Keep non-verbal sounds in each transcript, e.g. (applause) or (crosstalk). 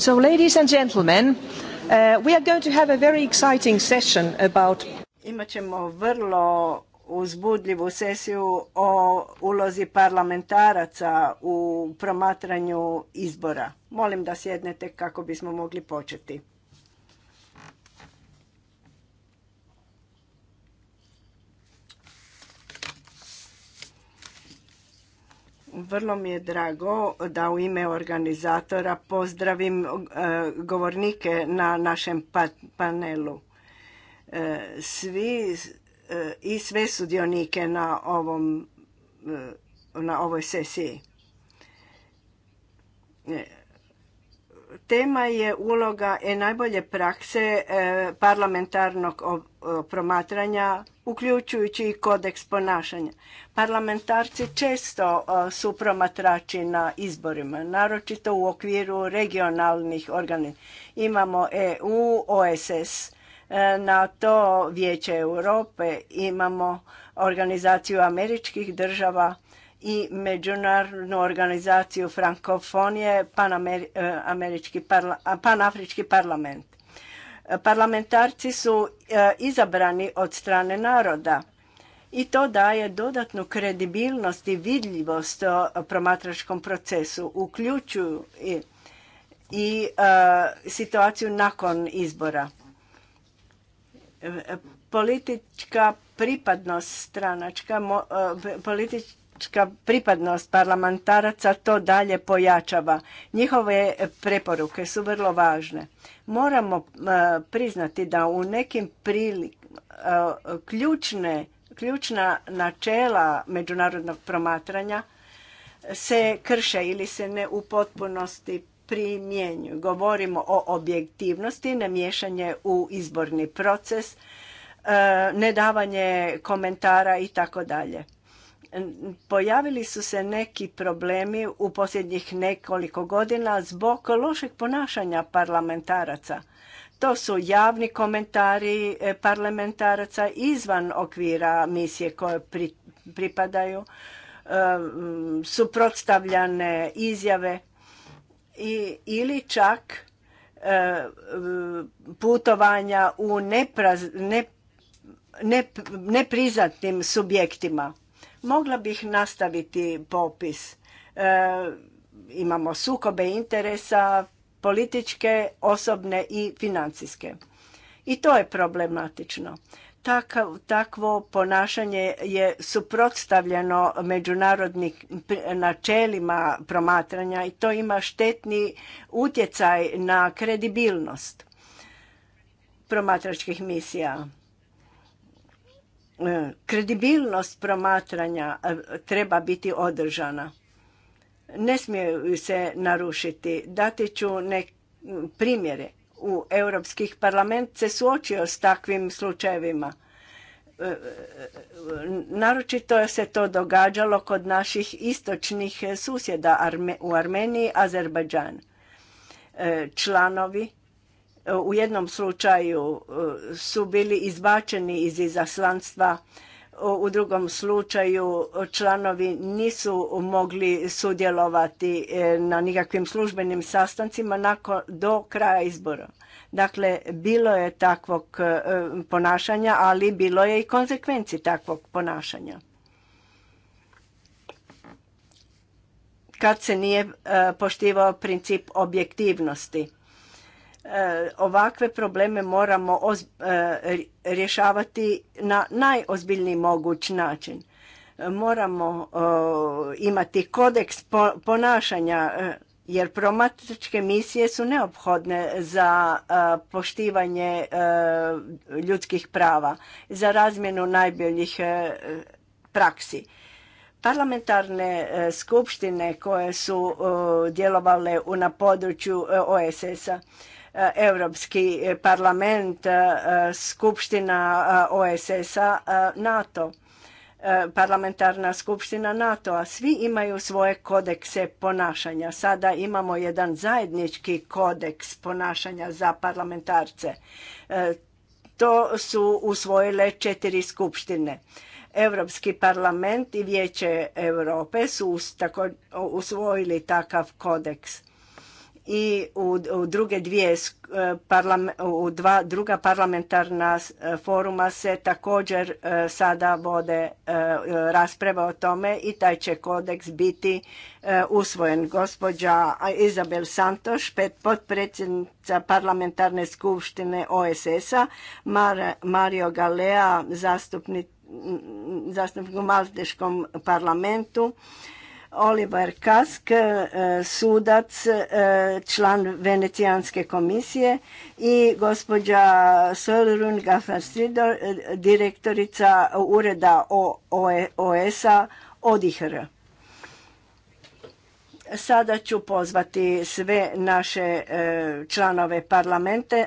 So, ladies and gentlemen, uh, we are going to have a very exciting session about... Imaćemo vrlo uzbudljivu sesiju o ulozi parlamentaraca u promatranju izbora. Molim da sjednete kako bismo mogli početi. Vrlo mi je drago da u ime organizatora pozdravim e, govornike na našem pa-, panelu. E, svi e, i sve sudionike na, ovom, na ovoj sesiji. Tema je uloga i najbolje prakse parlamentarnog E, promatranja, uključujući i kodeks ponašanja. Parlamentarci često e, su promatrači na izborima, naročito u okviru regionalnih organi. Imamo EU, OSS, e, NATO, Vijeće Europe, imamo organizaciju američkih država i međunarodnu organizaciju frankofonije, Panamerički parla, panafrički parlament. Parlamentarci su e, izabrani od strane naroda i to daje dodatnu kredibilnost i vidljivost e, promatračkom procesu, uključuju i, i e, situaciju nakon izbora. Politička pripadnost stranačka, politič, pripadnost parlamentaraca to dalje pojačava. Njihove preporuke su vrlo važne. Moramo e, priznati da u nekim prilikama e, ključne ključna načela međunarodnog promatranja se krše ili se ne u potpunosti primjenju. Govorimo o objektivnosti, namješanje u izborni proces, e, nedavanje komentara i tako dalje pojavili su se neki problemi u posljednjih nekoliko godina zbog lošeg ponašanja parlamentaraca. To su javni komentari e, parlamentaraca izvan okvira misije koje pripadaju, e, suprotstavljane izjave i, ili čak e, putovanja u ne, nepriznatnim subjektima Mogla bih nastaviti popis. E, imamo sukobe interesa, političke, osobne i financijske. I to je problematično. Takav, takvo ponašanje je suprotstavljeno međunarodnim načelima promatranja i to ima štetni utjecaj na kredibilnost promatračkih misija kredibilnost promatranja e, treba biti održana. Ne smije se narušiti. Dati ću neke primjere. U Europskih parlament se suočio s takvim slučajevima. E, e, naročito se to događalo kod naših istočnih susjeda u Armeniji, Azerbajdžan. Članovi u jednom slučaju e, su bili izbačeni iz izaslanstva, u drugom slučaju članovi nisu mogli sudjelovati e, na nikakvim službenim sastancima nakon, do kraja izbora. Dakle, bilo je takvog e, ponašanja, ali bilo je i konsekvenci takvog ponašanja. Kad se nije poštivao princip objektivnosti E, ovakve probleme moramo e, rješavati na najozbiljniji moguć način. E, moramo imati kodeks ponašanja jer promatračke misije su neophodne za poštivanje ljudskih prava, za razmjenu najboljih praksi. Parlamentarne skupštine koje su djelovale na području OSS-a Eh, Europski parlament, eh, skupština eh, OSS-a, NATO, parlamentarna skupština NATO-a. Svi imaju svoje kodekse ponašanja. Sada imamo jedan zajednički kodeks ponašanja za parlamentarce. To su usvojile četiri skupštine. Europski parlament i Vijeće Europe su usvojili takav kodeks i u, druge dvije e, u dva druga parlamentarna e, foruma se također e, sada vode rasprava o tome i taj će kodeks biti usvojen. Gospođa Izabel Santoš, potpredsjednica parlamentarne skupštine OSS-a, Mario Galea, zastupnik, zastupnik u Malteškom parlamentu, Oliver Kask, e, sudac, e, član Venecijanske komisije i gospođa Solrun stridor e, direktorica ureda OES-a ODIHR. Sada ću pozvati sve naše članove parlamente,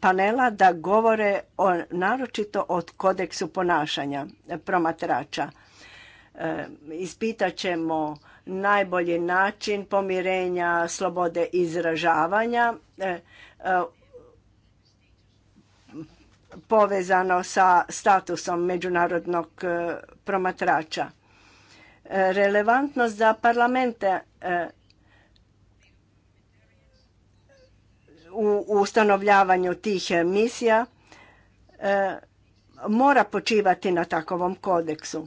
panela da govore o, naročito o kodeksu ponašanja promatrača. E, ispitat ćemo najbolji način pomirenja slobode izražavanja e, e, povezano sa statusom međunarodnog promatrača. Relevantnost za parlamente u ustanovljavanju tih misija mora počivati na takovom kodeksu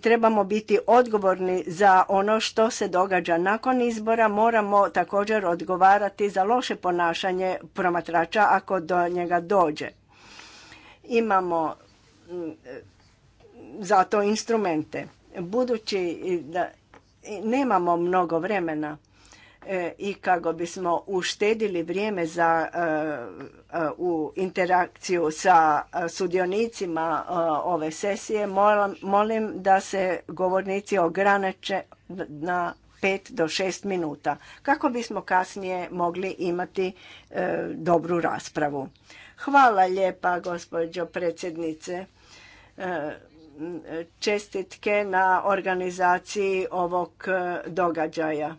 trebamo biti odgovorni za ono što se događa nakon izbora, moramo također odgovarati za loše ponašanje promatrača ako do njega dođe. Imamo mm, za to instrumente. Budući da nemamo mnogo vremena, E, i kako bismo uštedili vrijeme za e, e, u interakciju sa sudionicima ove sesije, molim da se govornici ograniče na pet do šest minuta kako bismo kasnije mogli imati dobru raspravu. Hvala lijepa gospođo predsjednice čestitke na organizaciji ovog događaja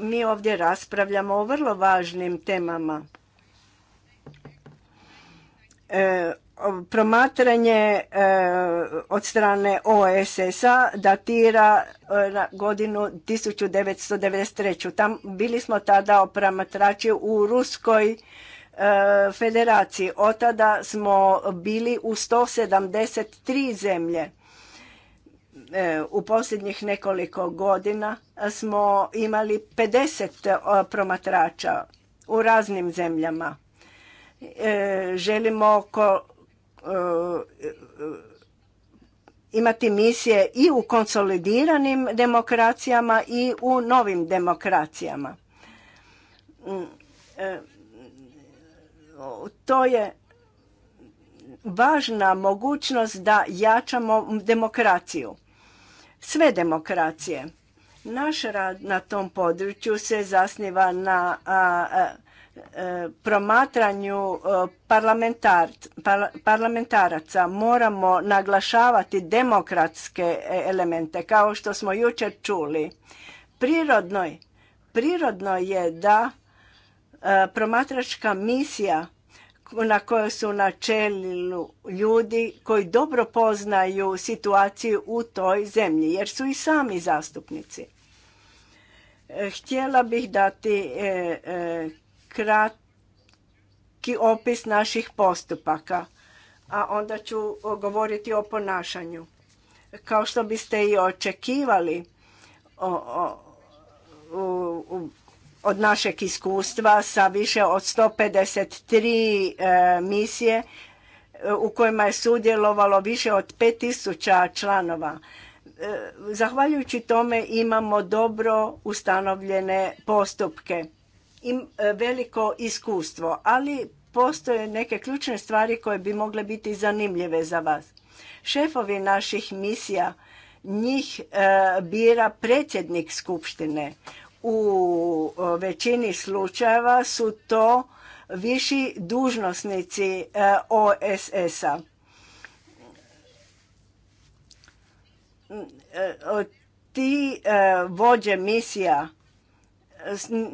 mi ovdje raspravljamo o vrlo važnim temama. E, promatranje e, od strane OSS-a datira e, na godinu 1993. Tam, bili smo tada promatrači u Ruskoj federaciji. Od tada smo bili u 173 zemlje. E, u posljednjih nekoliko godina smo imali 50 e, promatrača u raznim zemljama. E, želimo ko, imati misije i u konsolidiranim demokracijama i u novim demokracijama. Mm, to je važna mogućnost da jačamo demokraciju sve demokracije. Naš rad na tom području se zasniva na e, promatranju e, parlamentaraca. Moramo naglašavati demokratske e, elemente, kao što smo jučer čuli. Prirodno, prirodno je da promatračka misija na kojoj su na čelu ljudi koji dobro poznaju situaciju u toj zemlji, jer su i sami zastupnici. E, htjela bih dati e, e, kratki opis naših postupaka, a onda ću govoriti o ponašanju. Kao što biste i očekivali, u od našeg iskustva sa više od 153 e, misije e, u kojima je sudjelovalo više od 5000 članova. E, zahvaljujući tome imamo dobro ustanovljene postupke i veliko iskustvo, ali postoje neke ključne stvari koje bi mogle biti zanimljive za vas. Šefovi naših misija njih bira predsjednik skupštine. U većini slučajeva su to viši dužnosnici e, OSS-a. E, ti e, vođe misija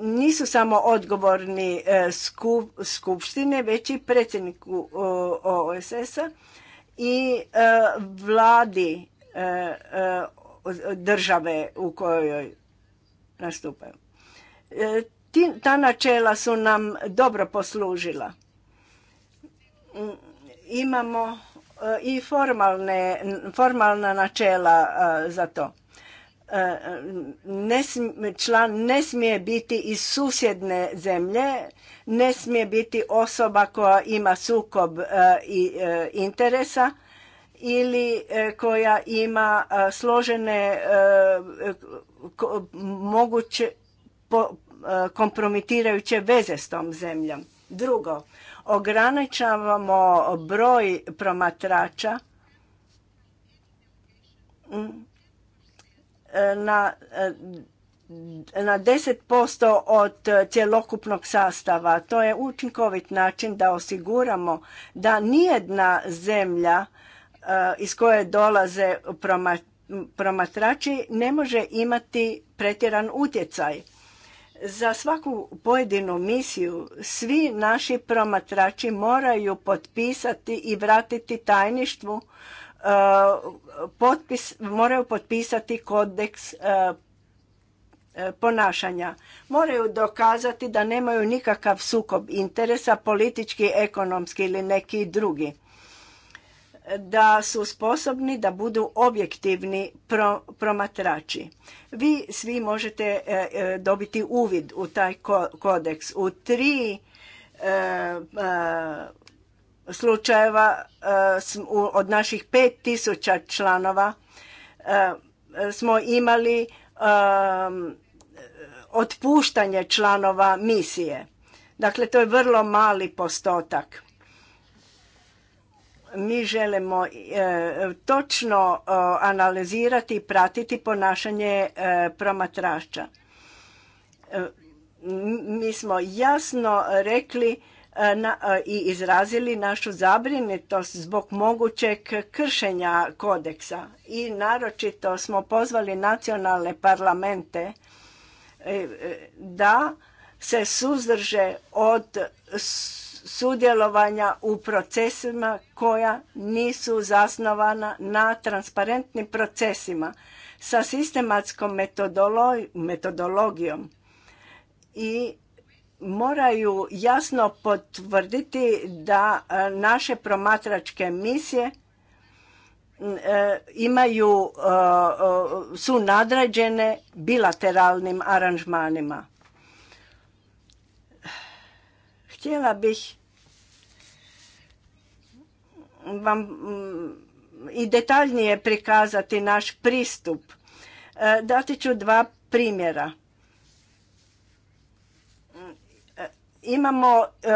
nisu samo odgovorni skupštine, već i predsjedniku OSS-a i vladi države u kojoj nastupaju. E, ta načela su nam dobro poslužila. Mm, imamo e, i formalne, formalna načela e, za to. Ne, član ne smije biti iz susjedne zemlje, ne smije biti osoba koja ima sukob i interesa ili koja ima složene moguće e, kompromitirajuće veze s tom zemljom. Drugo, ograničavamo broj promatrača e, na e, na 10% od cjelokupnog sastava. To je učinkovit način da osiguramo da nijedna zemlja iz koje dolaze promatrači promatrači ne može imati pretjeran utjecaj. Za svaku pojedinu misiju svi naši promatrači moraju potpisati i vratiti tajništvu e, potpis, moraju potpisati kodeks e, e, ponašanja. Moraju dokazati da nemaju nikakav sukob interesa, politički, ekonomski ili neki drugi da su sposobni da budu objektivni promatrači. Vi svi možete e, e, dobiti uvid u taj kodeks. U tri e, slučajeva od naših tisuća članova smo imali otpuštanje članova misije. Dakle, to je vrlo mali postotak mi želimo e, točno e, analizirati i pratiti ponašanje e, promatrača. Mi smo jasno rekli i izrazili našu zabrinutost zbog mogućeg kršenja kodeksa i naročito smo pozvali nacionalne parlamente da se suzdrže od sudjelovanja u procesima koja nisu zasnovana na transparentnim procesima sa sistematskom metodologijom i moraju jasno potvrditi da e, naše promatračke misije e, imaju e, su nadređene bilateralnim aranžmanima Htjela bih vam mm, i detaljnije prikazati naš pristup. Eh, Dati ću dva primjera. Eh, imamo eh,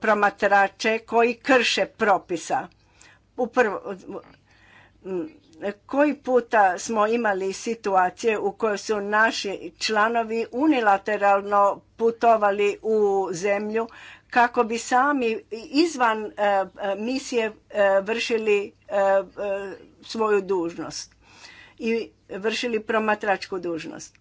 promatrače koji krše propisa. U koji puta smo imali situacije u kojoj su naši članovi unilateralno putovali u zemlju kako bi sami izvan e, e, misije e, vršili svoju dužnost i vršili promatračku dužnost.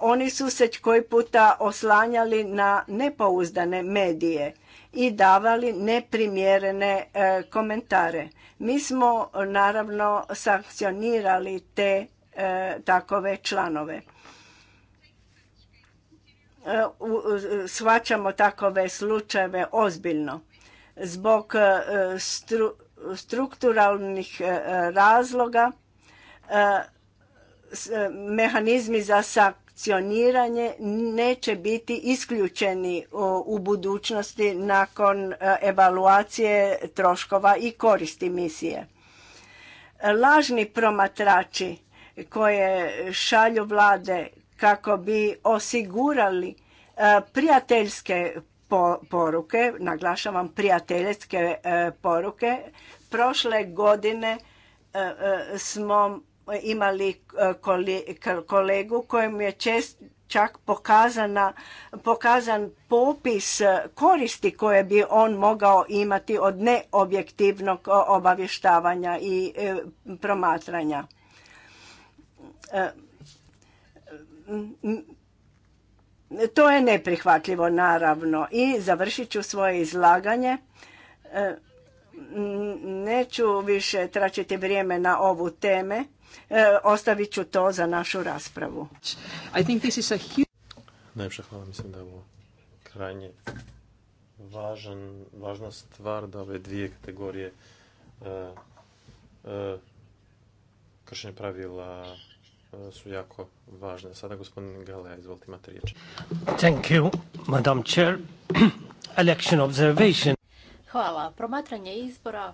Oni su se koji puta oslanjali na nepouzdane medije i davali neprimjerene e, komentare. Mi smo naravno sankcionirali te e, takove članove. E, takove slučajeve ozbiljno. Zbog e, strukturalnih razloga mehanizmi za sankcioniranje neće biti isključeni u budućnosti nakon e, evaluacije troškova i koristi misije. Lažni promatrači koje šalju vlade kako bi osigurali e, prijateljske poruke, naglašavam prijateljske e, poruke, prošle godine smo imali e, kolegu kojem je čest, čak pokazana, pokazan popis e, koristi koje bi on mogao imati od neobjektivnog e, obavještavanja i promatranja. To je neprihvatljivo, naravno. I završit ću svoje izlaganje. Neću više tračiti vrijeme na ovu teme E, ostavit ću to za našu raspravu. I think this is a Najpša hvala, mislim da je ovo krajnje važan, važna stvar da ove dvije kategorije uh, e, uh, e, kršenja pravila su jako važne. Sada gospodin Galea, izvolite, imate riječ. Thank you, Madam Chair. (clears throat) Election observation. Hvala. Promatranje izbora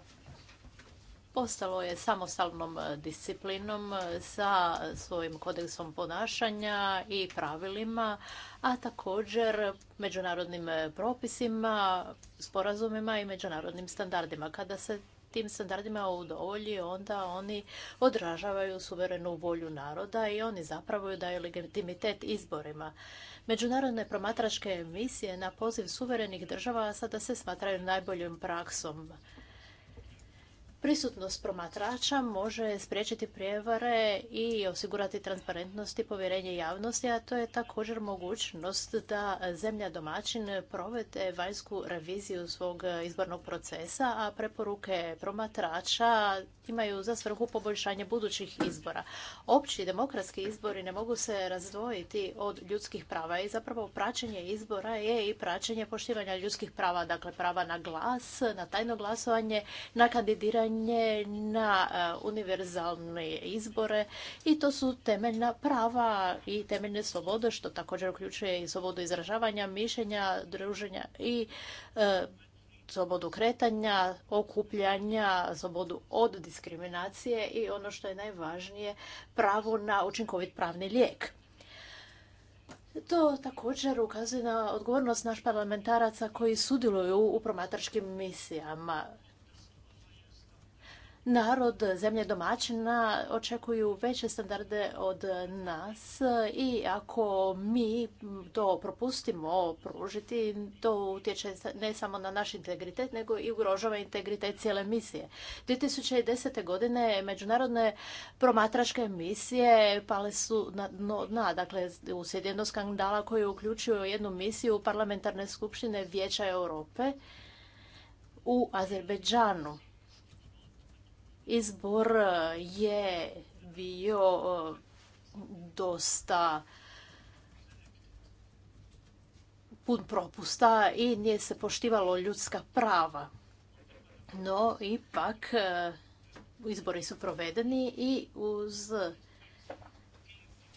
postalo je samostalnom e, disciplinom e, sa svojim kodeksom ponašanja i pravilima, a također međunarodnim e, propisima, sporazumima i međunarodnim standardima. Kada se tim standardima udovolji, onda oni odražavaju suverenu volju naroda i oni zapravo daju legitimitet izborima. Međunarodne promatračke misije na poziv suverenih država sada se smatraju najboljom praksom Prisutnost promatrača može spriječiti prijevare i osigurati transparentnost i povjerenje javnosti, a to je također mogućnost da zemlja domaćin provede vanjsku reviziju svog izbornog procesa, a preporuke promatrača imaju za svrhu poboljšanje budućih izbora. Opći demokratski izbori ne mogu se razdvojiti od ljudskih prava i zapravo praćenje izbora je i praćenje poštivanja ljudskih prava, dakle prava na glas, na tajno glasovanje, na kandidiranje, na e, univerzalne izbore i to su temeljna prava i temeljne slobode što također uključuje i slobodu izražavanja, mišljenja, druženja i e, slobodu kretanja, okupljanja, slobodu od diskriminacije i ono što je najvažnije, pravo na učinkovit pravni lijek. To također ukazuje na odgovornost naš parlamentaraca koji sudjeluju u promatračkim misijama narod, zemlje domaćina očekuju veće standarde od nas i ako mi to propustimo pružiti, to utječe ne samo na naš integritet, nego i ugrožava integritet cijele misije. 2010. godine međunarodne promatračke misije pale su na dno dna, dakle u jednog skandala koji je jednu misiju parlamentarne skupštine Vijeća Europe u Azerbejdžanu izbor e, je bio e, dosta pun propusta i nije se poštivalo ljudska prava. No, ipak, e, izbori su provedeni i uz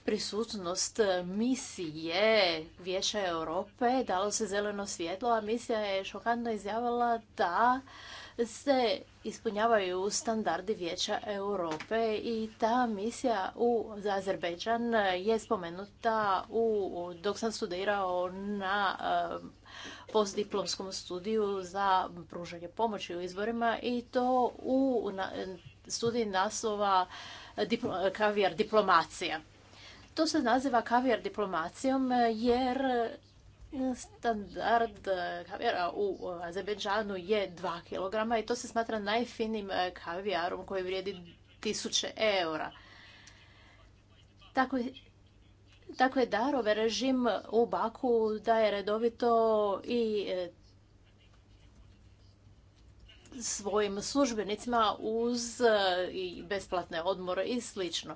prisutnost misije Vijeća Europe dalo se zeleno svjetlo, a misija je šokantno izjavila da se ispunjavaju standardi Vijeća Europe i ta misija u Azerbejdžan je spomenuta u, dok sam studirao na eh, postdiplomskom studiju za pružanje pomoći u izborima i to u na, studiji naslova kavijar diplomacija. To se naziva kavijar diplomacijom jer Standard eh, kavijara u Azerbejdžanu je 2 kg i to se smatra najfinim eh, kavijarom koji vrijedi tisuće eura. Tako, je darove režim u Baku daje redovito i eh, svojim službenicima uz i besplatne odmore i slično.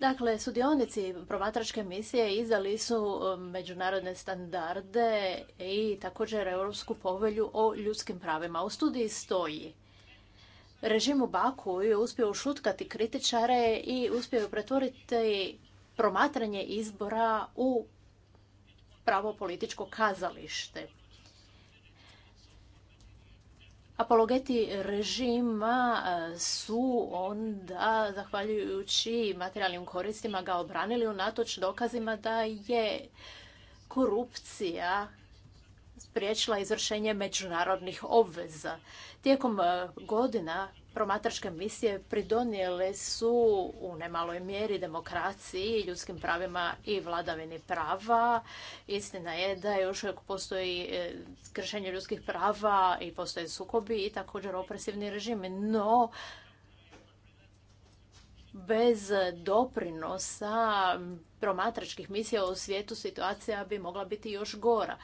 Dakle, sudionici promatračke misije izdali su um, međunarodne standarde i također Europsku povelju o ljudskim pravima. U studiji stoji režim u Baku je uspio ušutkati kritičare i uspio pretvoriti promatranje izbora u pravo političko kazalište apologeti režima e, su onda, zahvaljujući materijalnim koristima, ga obranili unatoč dokazima da je korupcija spriječila izvršenje međunarodnih obveza. Tijekom e, godina promatračke misije pridonijele su u nemaloj mjeri demokraciji, ljudskim pravima i vladavini prava. Istina je da još uvijek postoji e, kršenje ljudskih prava i postoje sukobi i također opresivni režimi, no bez doprinosa promatračkih misija u svijetu situacija bi mogla biti još gora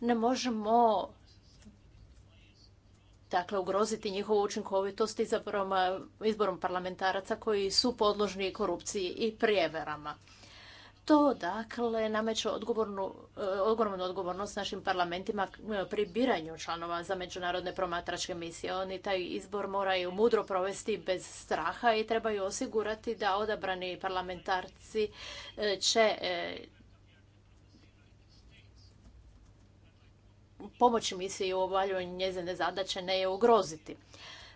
ne možemo dakle ugroziti njihovu učinkovitost izborom, izborom parlamentaraca koji su podložni korupciji i prijeverama. To dakle nameće odgovornu, odgovornost našim parlamentima pri biranju članova za međunarodne promatračke misije. Oni taj izbor moraju mudro provesti bez straha i trebaju osigurati da odabrani parlamentarci e, će e, pomoći misiji u obavljanju njezine zadaće, ne je ugroziti.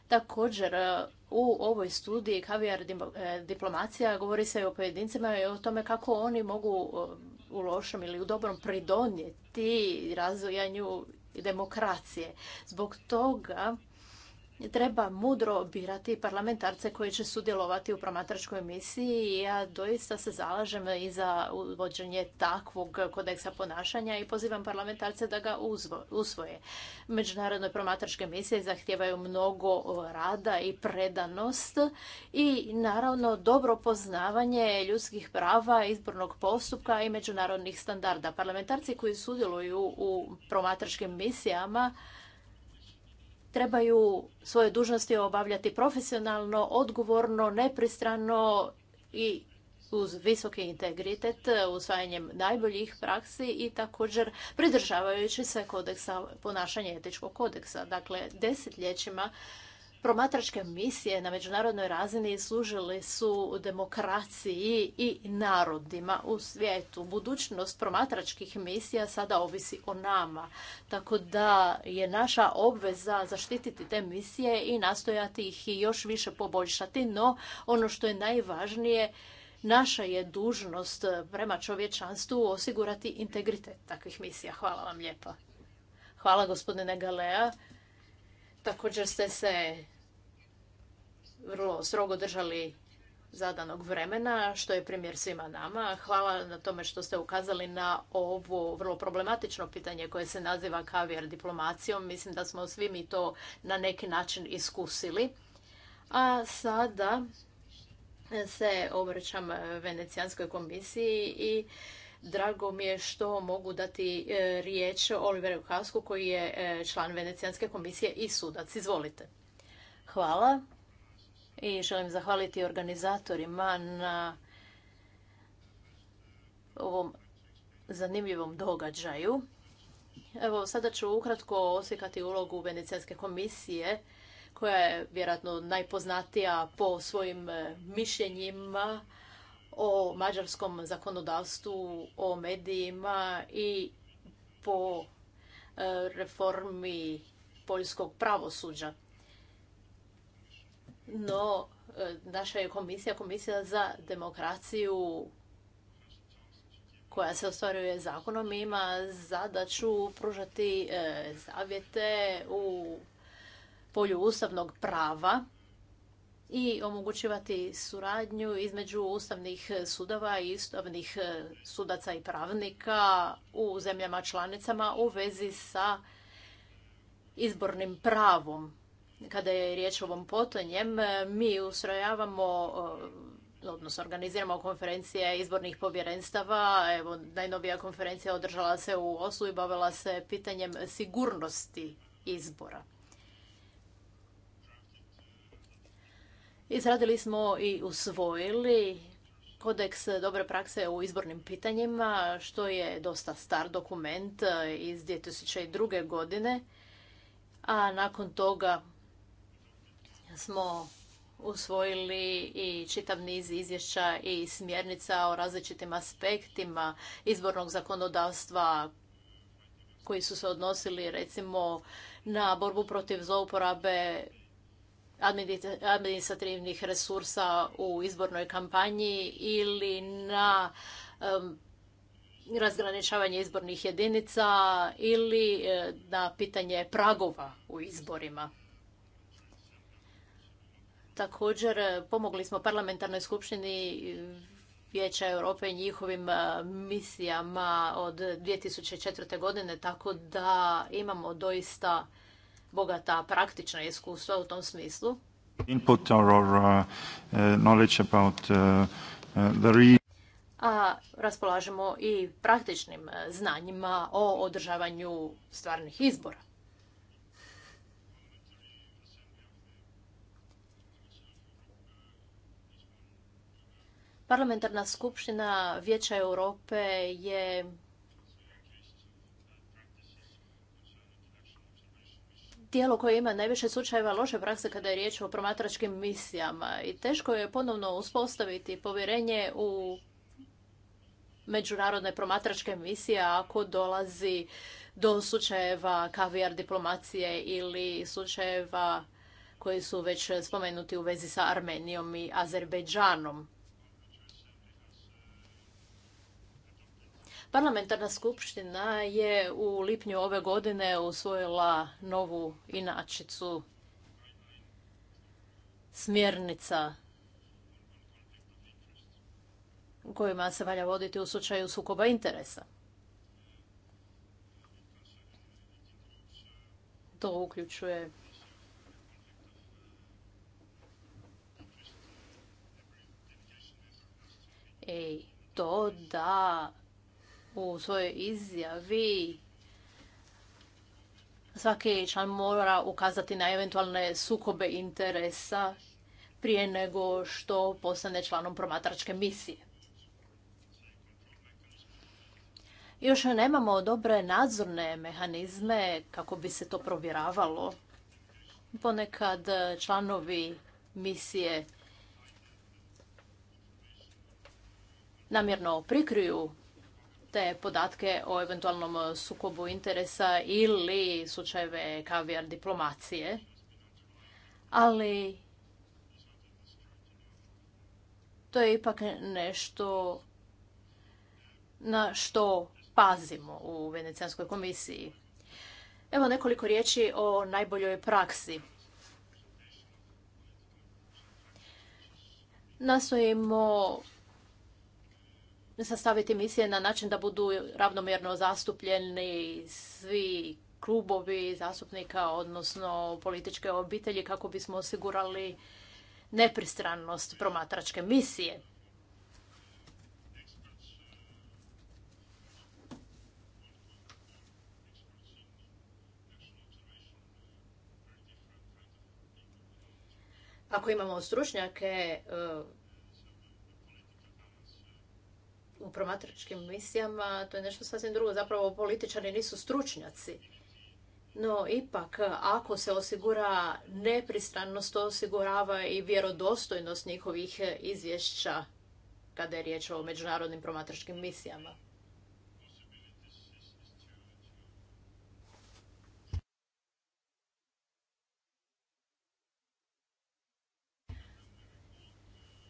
Također, e, u ovoj studiji Kavijar e, diplomacija govori se o pojedincima i o tome kako oni mogu e, u lošem ili u dobrom pridonijeti razvojanju demokracije. Zbog toga treba mudro birati parlamentarce koji će sudjelovati u promatračkoj misiji i ja doista se zalažem i za uvođenje takvog kodeksa ponašanja i pozivam parlamentarce da ga usvoje. Međunarodne promatračke misije zahtijevaju mnogo rada i predanost i naravno dobro poznavanje ljudskih prava, izbornog postupka i međunarodnih standarda. Parlamentarci koji sudjeluju u promatračkim misijama trebaju svoje dužnosti obavljati profesionalno, odgovorno, nepristrano i uz visoki integritet, usvajanjem najboljih praksi i također pridržavajući se kodeksa, ponašanja etičkog kodeksa. Dakle, desetljećima Promatračke misije na međunarodnoj razini služili su demokraciji i narodima u svijetu. Budućnost promatračkih misija sada ovisi o nama, tako da je naša obveza zaštititi te misije i nastojati ih i još više poboljšati, no ono što je najvažnije, naša je dužnost prema čovječanstvu osigurati integritet takvih misija. Hvala vam lijepa. Hvala gospodine Galea. Također ste se vrlo strogo držali zadanog vremena, što je primjer svima nama. Hvala na tome što ste ukazali na ovo vrlo problematično pitanje koje se naziva kavir diplomacijom. Mislim da smo svi mi to na neki način iskusili. A sada se obraćam Venecijanskoj komisiji i Drago mi je što mogu dati e, riječ Oliveru Hasku koji je e, član Venecijanske komisije i sudac. Izvolite. Hvala i želim zahvaliti organizatorima na ovom zanimljivom događaju. Evo, sada ću ukratko osvijekati ulogu Venecijanske komisije koja je vjerojatno najpoznatija po svojim e, mišljenjima o mađarskom zakonodavstvu, o medijima i po e, reformi poljskog pravosuđa. No, e, naša je komisija, komisija za demokraciju koja se ostvaruje zakonom ima zadaću pružati e, savjete u polju ustavnog prava i omogućivati suradnju između ustavnih sudova i ustavnih e, sudaca i pravnika u zemljama članicama u vezi sa izbornim pravom. Kada je riječ o ovom potonjem, e, mi ustrojavamo e, odnosno organiziramo konferencije izbornih povjerenstava. Evo, najnovija konferencija održala se u Oslu i bavila se pitanjem sigurnosti izbora. Izradili smo i usvojili kodeks dobre prakse u izbornim pitanjima, što je dosta star dokument e, iz 2002. godine, a nakon toga smo usvojili i čitav niz izvješća i smjernica o različitim aspektima izbornog zakonodavstva koji su se odnosili recimo na borbu protiv zlouporabe administrativnih resursa u izbornoj kampanji ili na razgraničavanje izbornih jedinica ili e, na pitanje pragova u izborima. Također e, pomogli smo parlamentarnoj skupštini Vijeća Europe i njihovim e, misijama od 2004. godine, tako da imamo doista bogata praktična iskustva u tom smislu. a raspolažemo i praktičnim uh, znanjima o održavanju stvarnih izbora. Parlamentarna skupština Vijeća Europe je tijelo koje ima najviše slučajeva loše prakse kada je riječ o promatračkim misijama i teško je ponovno uspostaviti povjerenje u međunarodne promatračke misije ako dolazi do slučajeva kavijar diplomacije ili slučajeva koji su već spomenuti u vezi sa Armenijom i Azerbejdžanom. Parlamentarna skupština je u lipnju ove godine usvojila novu inačicu smjernica kojima se valja voditi u slučaju sukoba interesa. To uključuje i to da u svojoj izjavi svaki član mora ukazati na eventualne sukobe interesa prije nego što postane članom promatračke misije. Još nemamo dobre nadzorne mehanizme kako bi se to provjeravalo. Ponekad članovi misije namjerno prikriju te podatke o eventualnom sukobu interesa ili slučajeve kavijar diplomacije. Ali to je ipak nešto na što pazimo u Venecijanskoj komisiji. Evo nekoliko riječi o najboljoj praksi. Nastojimo sastaviti misije na način da budu ravnomjerno zastupljeni svi klubovi zastupnika, odnosno političke obitelji, kako bismo osigurali nepristranost promatračke misije. Ako imamo stručnjake eh, u promatračkim misijama, to je nešto sasvim drugo. Zapravo političari nisu stručnjaci. No, ipak, ako se osigura nepristranost, to osigurava i vjerodostojnost njihovih izvješća kada je riječ o međunarodnim promatračkim misijama.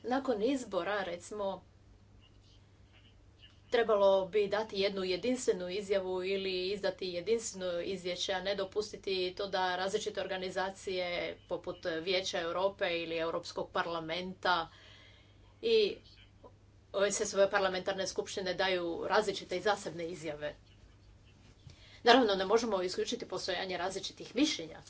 Nakon izbora, recimo, trebalo bi dati jednu jedinstvenu izjavu ili izdati jedinstveno izvješće, a ne dopustiti to da različite organizacije poput Vijeća Europe ili Europskog parlamenta i se svoje parlamentarne skupštine daju različite i zasebne izjave. Naravno, ne možemo isključiti postojanje različitih mišljenja,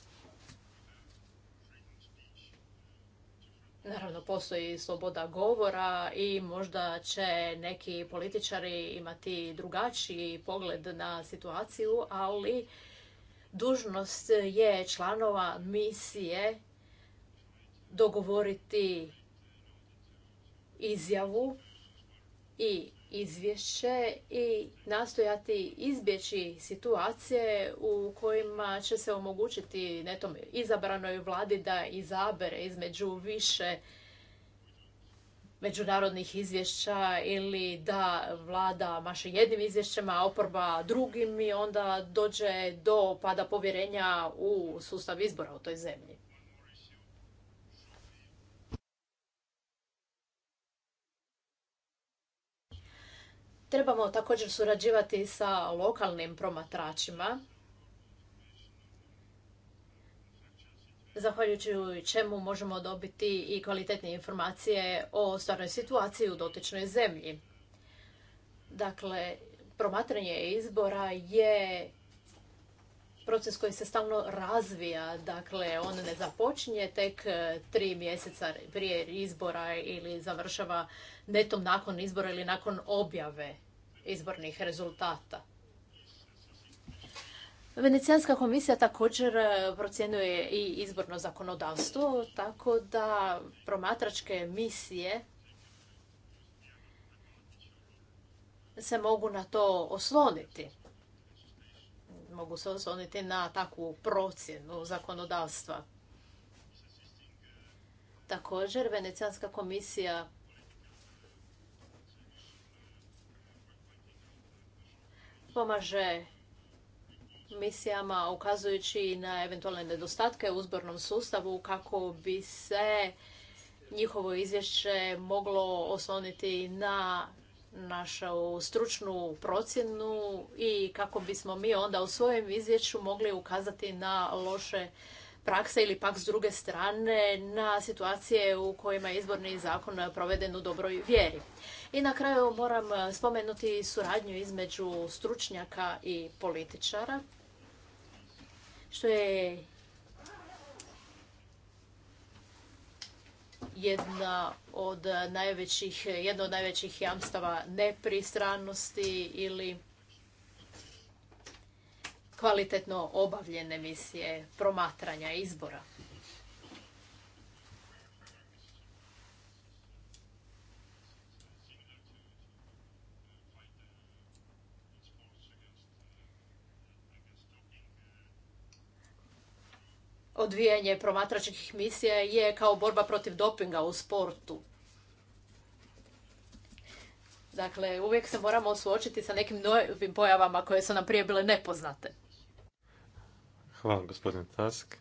Naravno, postoji sloboda govora i možda će neki političari imati drugačiji pogled na situaciju, ali dužnost je članova misije dogovoriti izjavu i izvješće i nastojati izbjeći situacije u kojima će se omogućiti netom izabranoj vladi da izabere između više međunarodnih izvješća ili da vlada maše jednim izvješćima, a oporba drugim i onda dođe do pada povjerenja u sustav izbora u toj zemlji. Trebamo također surađivati sa lokalnim promatračima, zahvaljujući čemu možemo dobiti i kvalitetne informacije o stvarnoj situaciji u dotičnoj zemlji. Dakle, promatranje izbora je proces koji se stalno razvija, dakle on ne započinje tek e, tri mjeseca prije izbora ili završava netom nakon izbora ili nakon objave izbornih rezultata. Venecijanska komisija također e, procjenuje i izborno zakonodavstvo, tako da promatračke misije se mogu na to osloniti mogu se osloniti na takvu procjenu zakonodavstva. Također, Venecijanska komisija pomaže misijama ukazujući na eventualne nedostatke u uzbornom sustavu kako bi se njihovo izvješće moglo osloniti na našu stručnu procjenu i kako bismo mi onda u svojem izvješću mogli ukazati na loše prakse ili pak s druge strane na situacije u kojima je izborni zakon proveden u dobroj vjeri. I na kraju moram spomenuti suradnju između stručnjaka i političara, što je jedna od najvećih, jedno od najvećih jamstava nepristranosti ili kvalitetno obavljene misije promatranja izbora. odvijanje promatračkih misija je kao borba protiv dopinga u sportu. Dakle, uvijek se moramo suočiti sa nekim novim pojavama koje su nam prije bile nepoznate. Hvala, gospodin Task.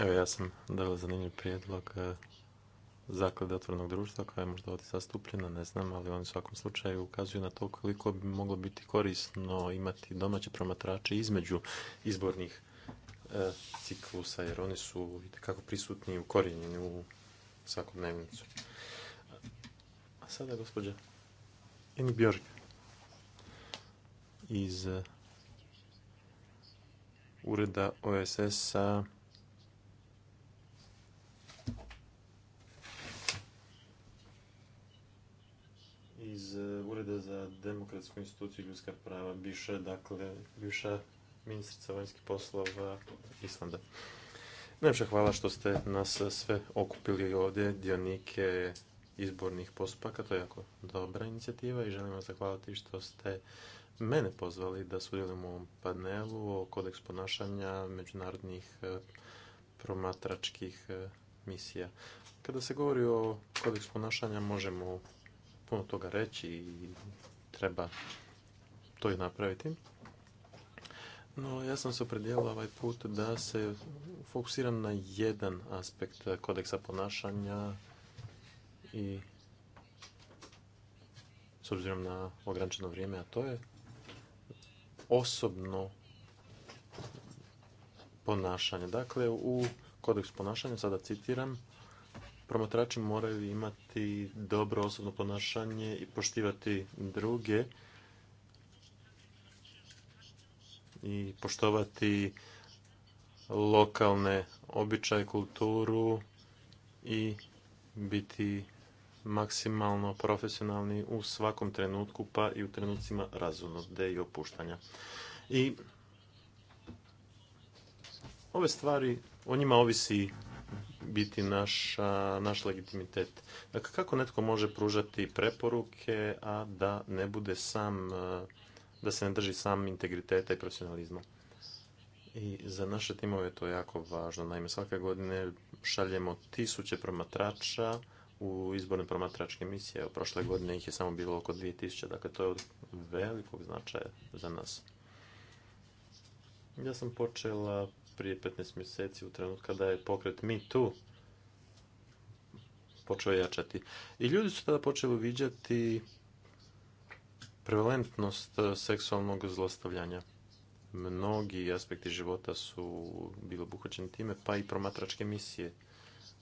Evo, ja sam dao zanimljiv prijedlog eh, zaklada otvorenog društva koja je možda ovdje zastupljena, ne znam, ali oni u svakom slučaju ukazuju na to koliko bi moglo biti korisno imati domaće promatrače između izbornih e, ciklusa, jer oni su kako prisutni u korijenju u svakodnevnicu. A sada gospođa Eni Bjorg iz e, Ureda OSS-a iz e, Ureda za demokratsku instituciju i ljudska prava, bivša, dakle, bivša ministrica vanjskih poslova Islanda. Najpša hvala što ste nas sve okupili ovdje, dionike izbornih postupaka, to je jako dobra inicijativa i želim vam zahvaliti što ste mene pozvali da sudjelujem u ovom panelu o kodeks ponašanja međunarodnih e, promatračkih e, misija. Kada se govori o kodeks ponašanja možemo puno toga reći i treba to i napraviti. No, ja sam se opredijelio ovaj put da se fokusiram na jedan aspekt kodeksa ponašanja i s obzirom na ograničeno vrijeme, a to je osobno ponašanje. Dakle, u kodeksu ponašanja, sada citiram, promatrači moraju imati dobro osobno ponašanje i poštivati druge i poštovati lokalne običaje, kulturu i biti maksimalno profesionalni u svakom trenutku, pa i u trenucima razumnosti i opuštanja. I ove stvari, o njima ovisi biti naš legitimitet. Dakle, kako netko može pružati preporuke, a da ne bude sam, e, da se ne drži sam integriteta i profesionalizma? I za naše timove to jako važno. Naime, svake godine šaljemo tisuće promatrača u izborne promatračke misije. Evo, prošle godine ih je samo bilo oko 2000, dakle to je od velikog značaja za nas. Ja sam počela prije 15 mjeseci u trenutku kada je pokret Me Too počeo jačati. I ljudi su tada počeli viđati prevalentnost e, seksualnog zlostavljanja. Mnogi aspekti života su bili obuhvaćeni time, pa i promatračke misije,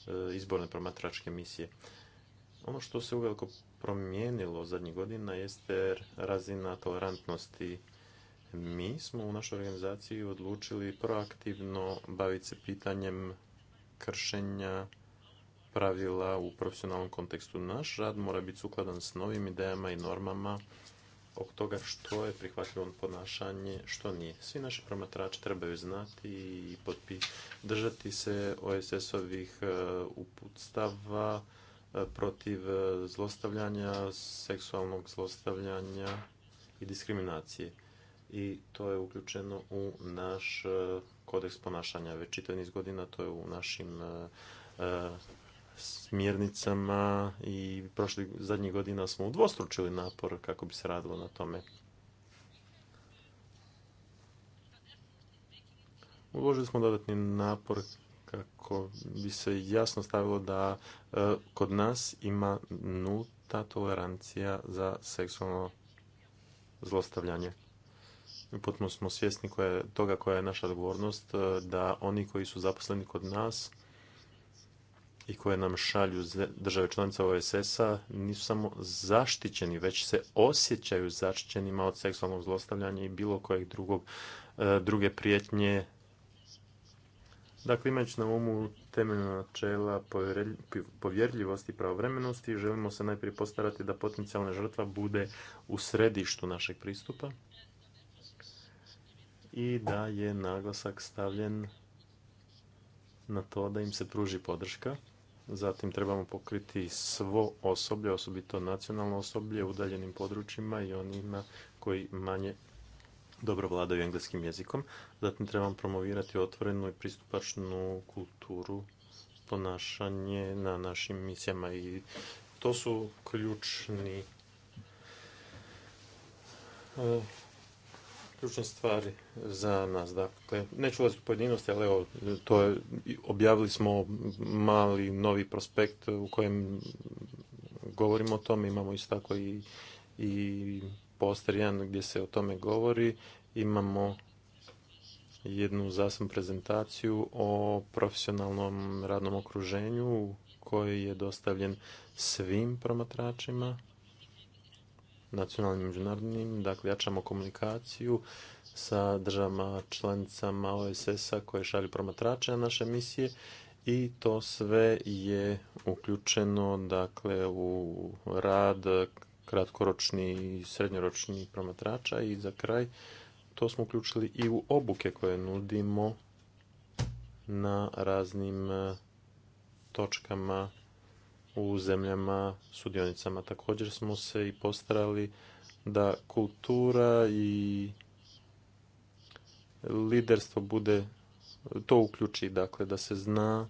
e, izborne promatračke misije. Ono što se uveliko promijenilo zadnjih godina jeste razina tolerantnosti mi smo u našoj organizaciji odlučili proaktivno baviti se pitanjem kršenja pravila u profesionalnom kontekstu. Naš rad mora biti sukladan s novim idejama i normama oko toga što je prihvatljivo ponašanje, što nije. Svi naši promatrači trebaju znati i držati se OSS-ovih e, uputstava e, protiv e, zlostavljanja, seksualnog zlostavljanja i diskriminacije i to je uključeno u naš e, kodeks ponašanja. Već čitav niz godina to je u našim e, e, smjernicama i prošlih zadnjih godina smo udvostručili napor kako bi se radilo na tome. Uložili smo dodatni napor kako bi se jasno stavilo da kod nas ima nuta tolerancija za seksualno zlostavljanje potpuno smo svjesni toga koja je naša odgovornost, e, da oni koji su zaposleni kod nas i koje nam šalju države članice OSS-a nisu samo zaštićeni, već se osjećaju zaštićenima od seksualnog zlostavljanja i bilo kojeg drugog, e, druge prijetnje. Dakle, imajući na umu temeljna načela povjerljivosti i pravovremenosti, želimo se najprije postarati da potencijalna žrtva bude u središtu našeg pristupa i da je naglasak stavljen na to da im se pruži podrška. Zatim trebamo pokriti svo osoblje, osobito nacionalno osoblje u udaljenim područjima i onima koji manje dobro vladaju engleskim jezikom. Zatim trebamo promovirati otvorenu i pristupačnu kulturu, ponašanje na našim misijama i to su ključni ključne stvari za nas. Dakle, neću ulaziti u pojedinosti, ali evo, to je, objavili smo mali novi prospekt u kojem govorimo o tome. Imamo isto tako i, i gdje se o tome govori. Imamo jednu zasebnu prezentaciju o profesionalnom radnom okruženju koji je dostavljen svim promatračima nacionalnim i međunarodnim, dakle jačamo komunikaciju sa državama članicama OSS-a koje šalju promatrače na naše misije i to sve je uključeno dakle u rad kratkoročni i srednjoročni promatrača i za kraj to smo uključili i u obuke koje nudimo na raznim eh, točkama u zemljama sudionicama. Također smo se i postarali da kultura i liderstvo bude, to uključi, dakle, da se zna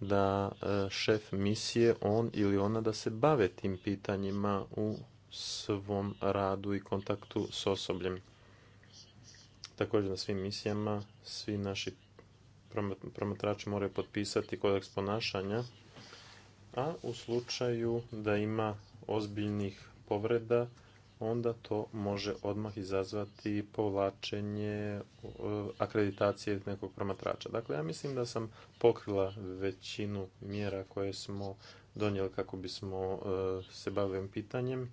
da e, šef misije, on ili ona, da se bave tim pitanjima u svom radu i kontaktu s osobljem. Također na svim misijama svi naši promatrači moraju potpisati kodeks ponašanja a u slučaju da ima ozbiljnih povreda, onda to može odmah izazvati povlačenje eh, akreditacije nekog promatrača. Dakle, ja mislim da sam pokrila većinu mjera koje smo donijeli kako bismo eh, se bavili pitanjem.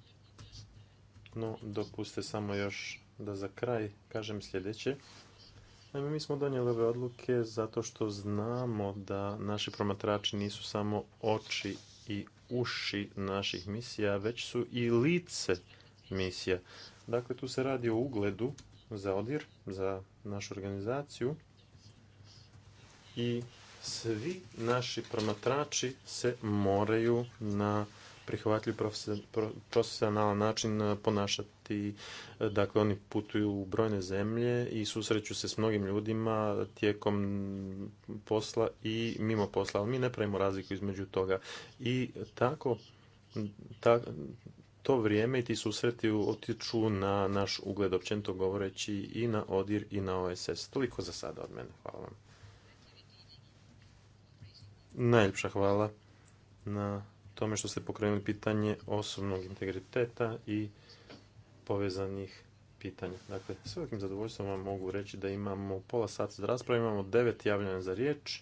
No, dopuste samo još da za kraj kažem sljedeće. Naime, mi smo donijeli ove odluke zato što znamo da naši promatrači nisu samo oči i uši naših misija, već su i lice misija. Dakle, tu se radi o ugledu za odir, za našu organizaciju i svi naši promatrači se moraju na prihvatljiv profesionalan način eh, ponašati. Eh, dakle, oni putuju u brojne zemlje i susreću se s mnogim ljudima tijekom posla i mimo posla, ali mi ne pravimo razliku između toga. I tako, ta, to vrijeme i ti susreti otiču na naš ugled, općenito govoreći i na ODIR i na OSS. Toliko za sada od mene. Hvala vam. Najljepša hvala na tome što ste pokrenuli pitanje osobnog integriteta i povezanih pitanja. Dakle, s velikim zadovoljstvom vam mogu reći da imamo pola sata za raspravu, imamo devet javljanja za riječ.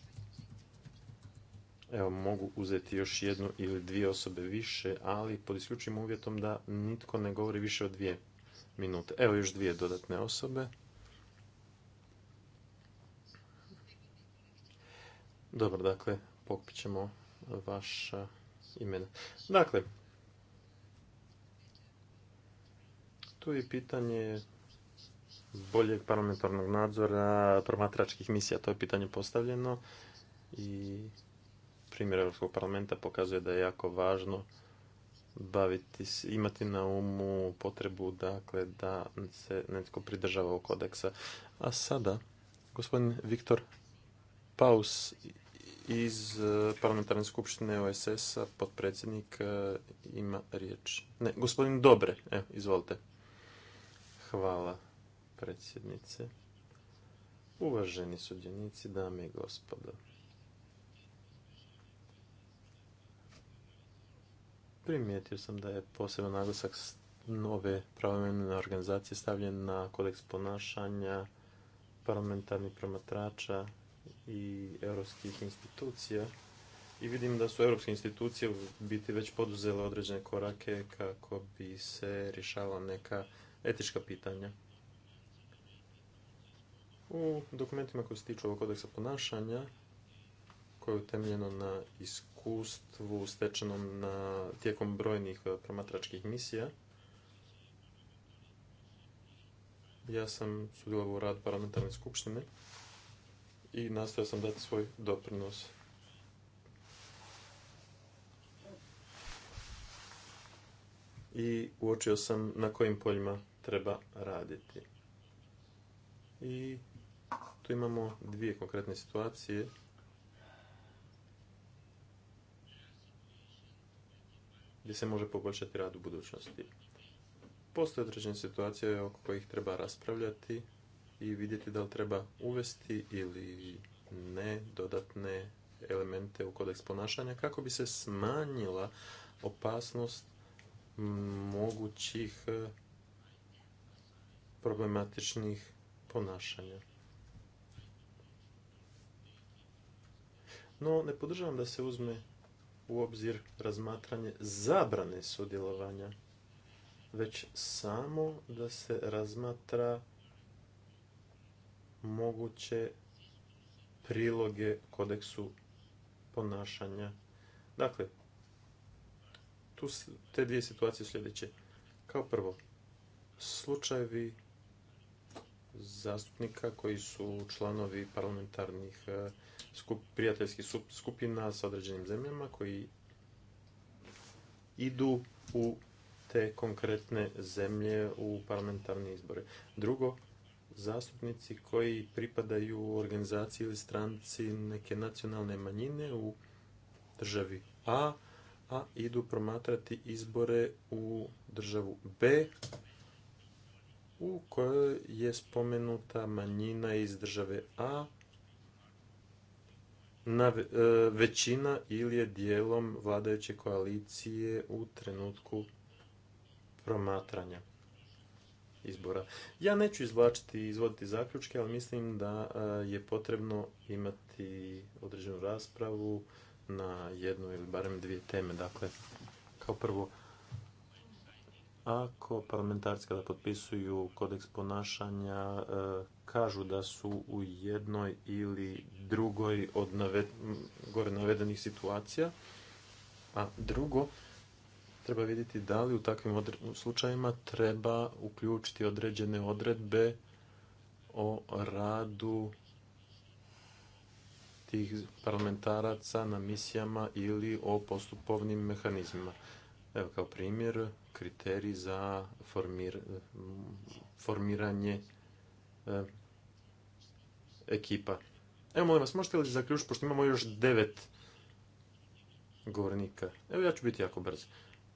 Evo, mogu uzeti još jednu ili dvije osobe više, ali pod isključim uvjetom da nitko ne govori više od dvije minute. Evo još dvije dodatne osobe. Dobro, dakle, pokupit ćemo vaša imena. Dakle, tu je pitanje boljeg parlamentarnog nadzora promatračkih misija, to je pitanje postavljeno i primjer Europskog parlamenta pokazuje da je jako važno baviti, imati na umu potrebu dakle, da se netko pridržava ovog kodeksa. A sada, gospodin Viktor Paus iz e, parlamentarne skupštine OSS-a, potpredsjednik e, ima riječ. Ne, gospodin Dobre, evo, izvolite. Hvala, predsjednice. Uvaženi sudjenici, dame i gospodo. Primijetio sam da je poseban naglasak nove pravomenine organizacije stavljen na kodeks ponašanja parlamentarnih promatrača i europskih institucija i vidim da su europske institucije u biti već poduzele određene korake kako bi se rješavala neka etička pitanja. U dokumentima koji se tiču ovog kodeksa ponašanja, koje je utemljeno na iskustvu stečenom na, tijekom brojnih e, promatračkih misija, ja sam sudjelovao u rad parlamentarne skupštine i nastavio sam dati svoj doprinos. I uočio sam na kojim poljima treba raditi. I tu imamo dvije konkretne situacije. gdje se može poboljšati rad u budućnosti. Postoje određene situacije oko kojih treba raspravljati, i vidjeti da li treba uvesti ili ne dodatne elemente u kodeks ponašanja kako bi se smanjila opasnost mogućih eh, problematičnih ponašanja. No, ne podržavam da se uzme u obzir razmatranje zabrane sudjelovanja, već samo da se razmatra moguće priloge kodeksu ponašanja. Dakle, tu te dvije situacije sljedeće. Kao prvo, slučajevi zastupnika koji su članovi parlamentarnih e, prijateljskih skupina sa određenim zemljama koji idu u te konkretne zemlje u parlamentarne izbore. Drugo, zastupnici koji pripadaju organizaciji ili stranci neke nacionalne manjine u državi A, a idu promatrati izbore u državu B, u kojoj je spomenuta manjina iz države A, na e, većina ili je dijelom vladajuće koalicije u trenutku promatranja izbora. Ja neću izvlačiti i izvoditi zaključke, ali mislim da e, je potrebno imati određenu raspravu na jednu ili barem dvije teme. Dakle, kao prvo, ako parlamentarci kada potpisuju kodeks ponašanja e, kažu da su u jednoj ili drugoj od gore navedenih situacija, a drugo, treba vidjeti da li u takvim slučajima treba uključiti određene odredbe o radu tih parlamentaraca na misijama ili o postupovnim mehanizmima. Evo kao primjer, kriterij za formir, formiranje e, ekipa. Evo molim vas, možete li zaključiti, pošto imamo još devet govornika. Evo ja ću biti jako brz.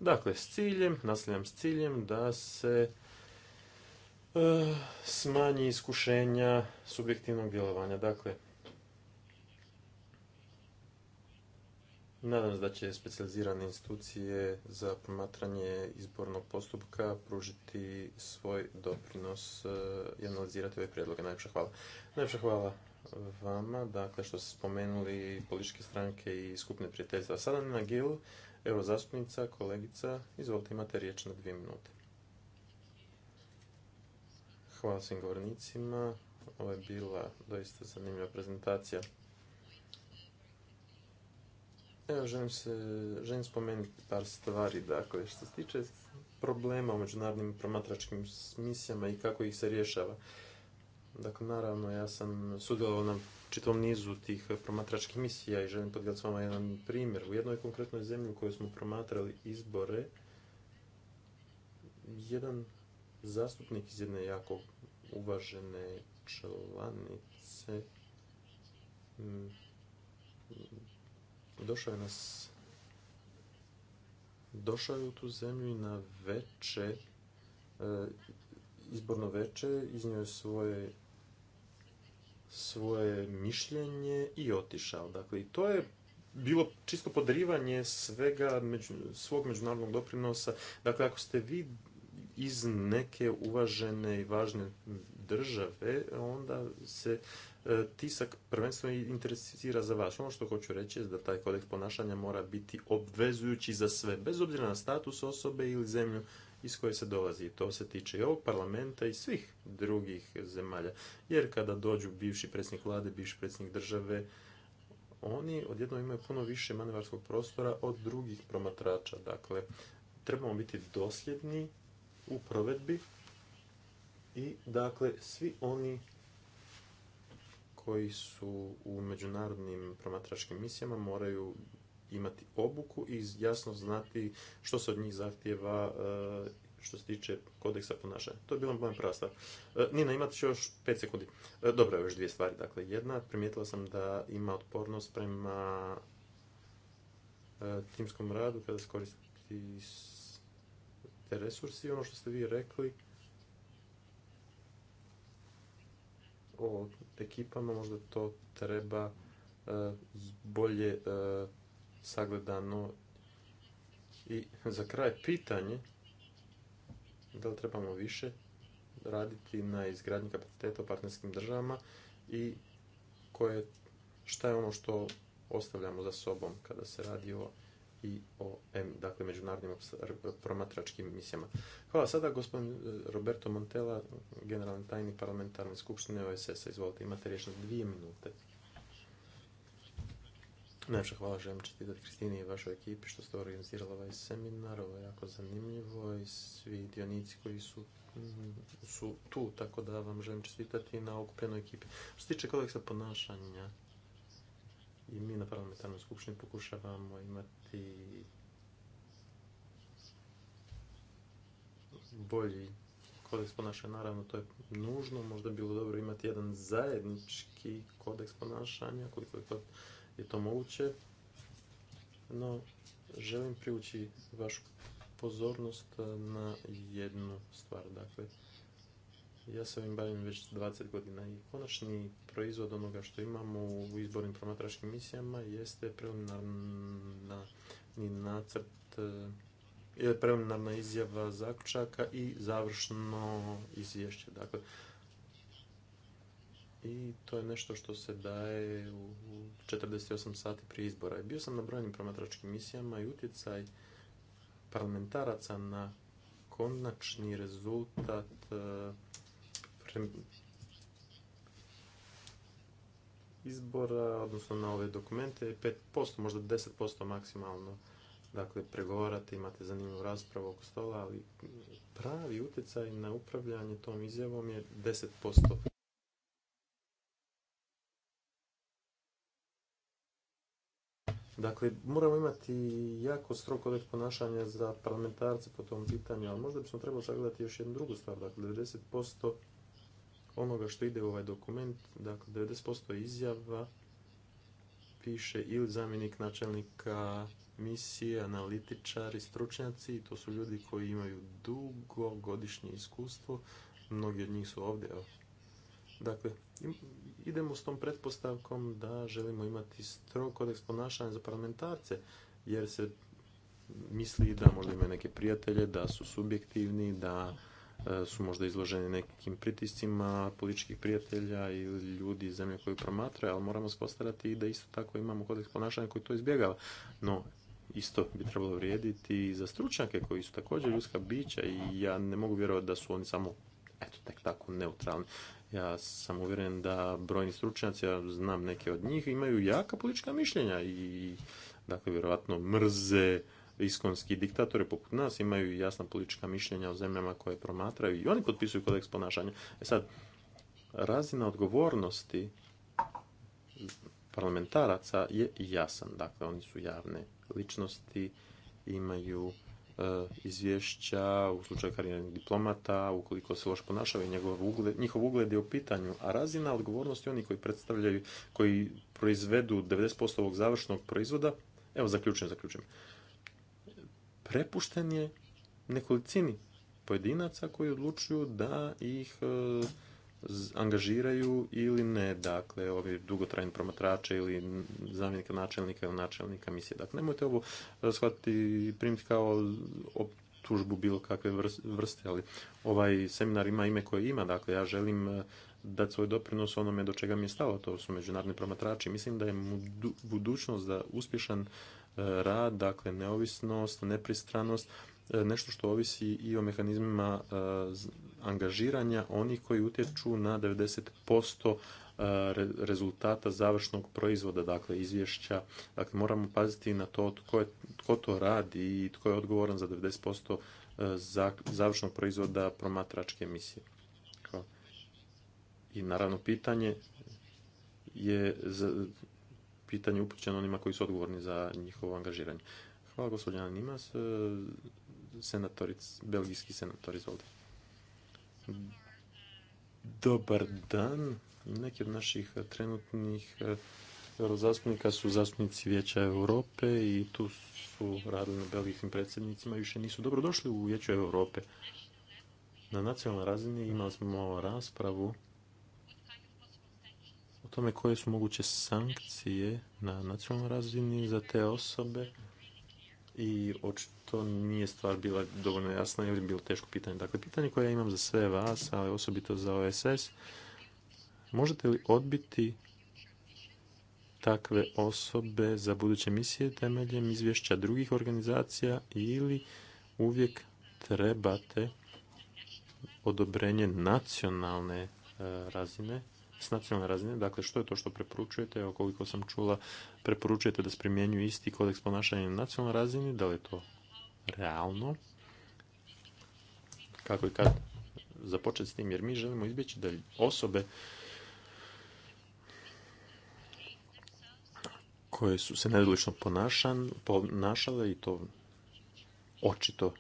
Dakle, s ciljem, nastavljam s ciljem da se e, smanji iskušenja subjektivnog djelovanja. Dakle, Nadam se da će specijalizirane institucije za promatranje izbornog postupka pružiti svoj doprinos e, i analizirati ove prijedloge. Najljepša hvala. Najljepša hvala vama, dakle, što ste spomenuli političke stranke i skupne prijateljstva. Sada na Gilu, Evo, zastupnica, kolegica, izvolite imate riječ na dvije minute. Hvala svim govornicima. Ovo je bila doista zanimljiva prezentacija. Evo, želim, se, želim spomenuti par stvari. Dakle, što se tiče problema u međunarodnim promatračkim misijama i kako ih se rješava. Dakle, naravno, ja sam sudjelovao na čitavom nizu tih eh, promatračkih misija i želim podijeliti s vama jedan primjer. U jednoj konkretnoj zemlji u kojoj smo promatrali izbore, jedan zastupnik iz jedne jako uvažene članice mm, došao je nas došao je u tu zemlju i na veče eh, izborno veče iznio je svoje svoje mišljenje i otišao. Dakle, to je bilo čisto podrivanje svega svog međunarodnog doprinosa. Dakle, ako ste vi iz neke uvažene i važne države, onda se e, tisak prvenstveno interesira za vas. Ono što hoću reći je da taj kodeks ponašanja mora biti obvezujući za sve, bez obzira na status osobe ili zemlju iz koje se dolazi. To se tiče i ovog parlamenta i svih drugih zemalja. Jer kada dođu bivši predsjednik vlade, bivši predsjednik države, oni odjedno imaju puno više manevarskog prostora od drugih promatrača. Dakle, trebamo biti dosljedni u provedbi i dakle, svi oni koji su u međunarodnim promatračkim misijama moraju imati obuku i jasno znati što se od njih zahtjeva e, što se tiče kodeksa ponašanja. To je bila moja prasta. E, Nina, imate ću još 5 sekundi. E, dobro, još dvije stvari. Dakle, jedna, primijetila sam da ima otpornost prema timskom radu kada se koristi te resursi, ono što ste vi rekli o ekipama, možda to treba bolje sagledano. I za kraj pitanje, da li trebamo više raditi na izgradnji kapaciteta u partnerskim državama i koje, šta je ono što ostavljamo za sobom kada se radi o i o M, dakle međunarodnim promatračkim misijama. Hvala sada gospodin e, Roberto Montella, generalni tajnik parlamentarne skupštine OSS-a. Izvolite, imate riječ dvije minute. Najviše hvala, želim čestitati Kristini i vašoj ekipi što ste organizirali ovaj seminar, ovo je jako zanimljivo i svi dionici koji su, mm, su tu, tako da vam želim čestitati na okupljenoj ekipi. Što se tiče kodeksa ponašanja, i mi na parlamentarnoj skupštini pokušavamo imati bolji kodeks ponašanja, naravno to je nužno, možda bi bilo dobro imati jedan zajednički kodeks ponašanja, koliko je to je to moguće, no želim privući vašu pozornost e, na jednu stvar. Dakle, ja se ovim bavim već 20 godina i konačni proizvod onoga što imamo u izbornim promatračkim misijama jeste preliminarni e, je preliminarna izjava zaključaka i završno izvješće. Dakle, i to je nešto što se daje u 48 sati prije izbora. Bio sam na brojnim promatračkim misijama i utjecaj parlamentaraca na konačni rezultat e, izbora, odnosno na ove dokumente, 5%, možda 10% maksimalno. Dakle, pregovarate, imate zanimljivu raspravu oko stola, ali pravi utjecaj na upravljanje tom izjavom je 10%. Dakle, moramo imati jako strog kodeks ponašanja za parlamentarce po tom pitanju, ali možda bismo trebali sagledati još jednu drugu stvar. Dakle, 90% onoga što ide u ovaj dokument, dakle, 90% izjava piše ili zamjenik načelnika misije, analitičari, stručnjaci. To su ljudi koji imaju dugo godišnje iskustvo. Mnogi od njih su ovdje, Dakle, idemo s tom pretpostavkom da želimo imati strog kodeks ponašanja za parlamentarce, jer se misli da možda imaju neke prijatelje, da su subjektivni, da e, su možda izloženi nekim pritiscima političkih prijatelja ili ljudi iz zemlje koju promatraju, ali moramo spostarati i da isto tako imamo kodeks ponašanja koji to izbjegava. No, isto bi trebalo vrijediti i za stručnjake koji su također ljudska bića i ja ne mogu vjerovati da su oni samo eto tek tako neutralni. Ja sam uvjeren da brojni stručnjaci, ja znam neke od njih, imaju jaka politička mišljenja i dakle vjerojatno mrze iskonski diktatori poput nas, imaju jasna politička mišljenja o zemljama koje promatraju i oni potpisuju kodeks ponašanja. E sad, razina odgovornosti parlamentaraca je jasan. Dakle, oni su javne ličnosti, imaju E, izvješća u slučaju karijernih diplomata, ukoliko se loš ponašaju, njegov ugled, njihov ugled je u pitanju, a razina odgovornosti oni koji predstavljaju, koji proizvedu 90% ovog završnog proizvoda, evo zaključujem, zaključujem, prepušten je nekolicini pojedinaca koji odlučuju da ih e, angažiraju ili ne, dakle, ovi dugotrajni promatrače ili zamjenika načelnika ili načelnika misije. Dakle, nemojte ovo e, shvatiti primiti kao optužbu bilo kakve vrste, ali ovaj seminar ima ime koje ima, dakle, ja želim e, dati svoj doprinos onome do čega mi je stalo, to su međunarodni promatrači. Mislim da je budućnost za uspješan e, rad, dakle, neovisnost, nepristranost, nešto što ovisi i o mehanizmima angažiranja onih koji utječu na 90% e, rezultata završnog proizvoda, dakle izvješća. Dakle, moramo paziti na to tko, je, tko to radi i tko je odgovoran za 90% e, završnog proizvoda promatračke emisije. I naravno pitanje je pitanje upućeno onima koji su odgovorni za njihovo angažiranje. Hvala gospodina Nimas, e, senatoric, belgijski senator, izvolite. Dobar dan. Neki od naših e, trenutnih e, eurozastupnika su zastupnici Vijeća Europe i tu su radili na belgijskim predsjednicima i više nisu došli u Vijeću Europe. Na nacionalnoj razini imali smo raspravu o tome koje su moguće sankcije na nacionalnoj razini za te osobe i očito nije stvar bila dovoljno jasna ili bilo teško pitanje. Dakle, pitanje koje ja imam za sve vas, ali osobito za OSS, možete li odbiti takve osobe za buduće misije temeljem izvješća drugih organizacija ili uvijek trebate odobrenje nacionalne e, razine s nacionalne razine. Dakle, što je to što preporučujete? Evo, koliko sam čula, preporučujete da se primjenjuje isti kodeks ponašanja na nacionalnoj razini. Da li je to realno? Kako i kad započeti s tim? Jer mi želimo izbjeći da osobe koje su se nedolično ponašale i to očito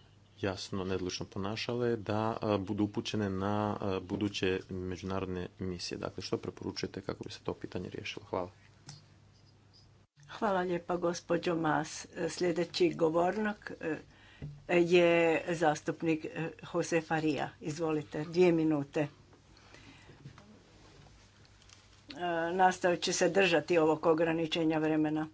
jasno nedlučno ponašale da budu upućene na buduće međunarodne misije. Dakle, što preporučujete kako bi se to pitanje riješilo? Hvala. Hvala lijepa gospođo Mas. Sljedeći govornik e, je zastupnik e, Jose Farija. Izvolite, dvije minute. E, Nastavit će se držati ovog ograničenja vremena.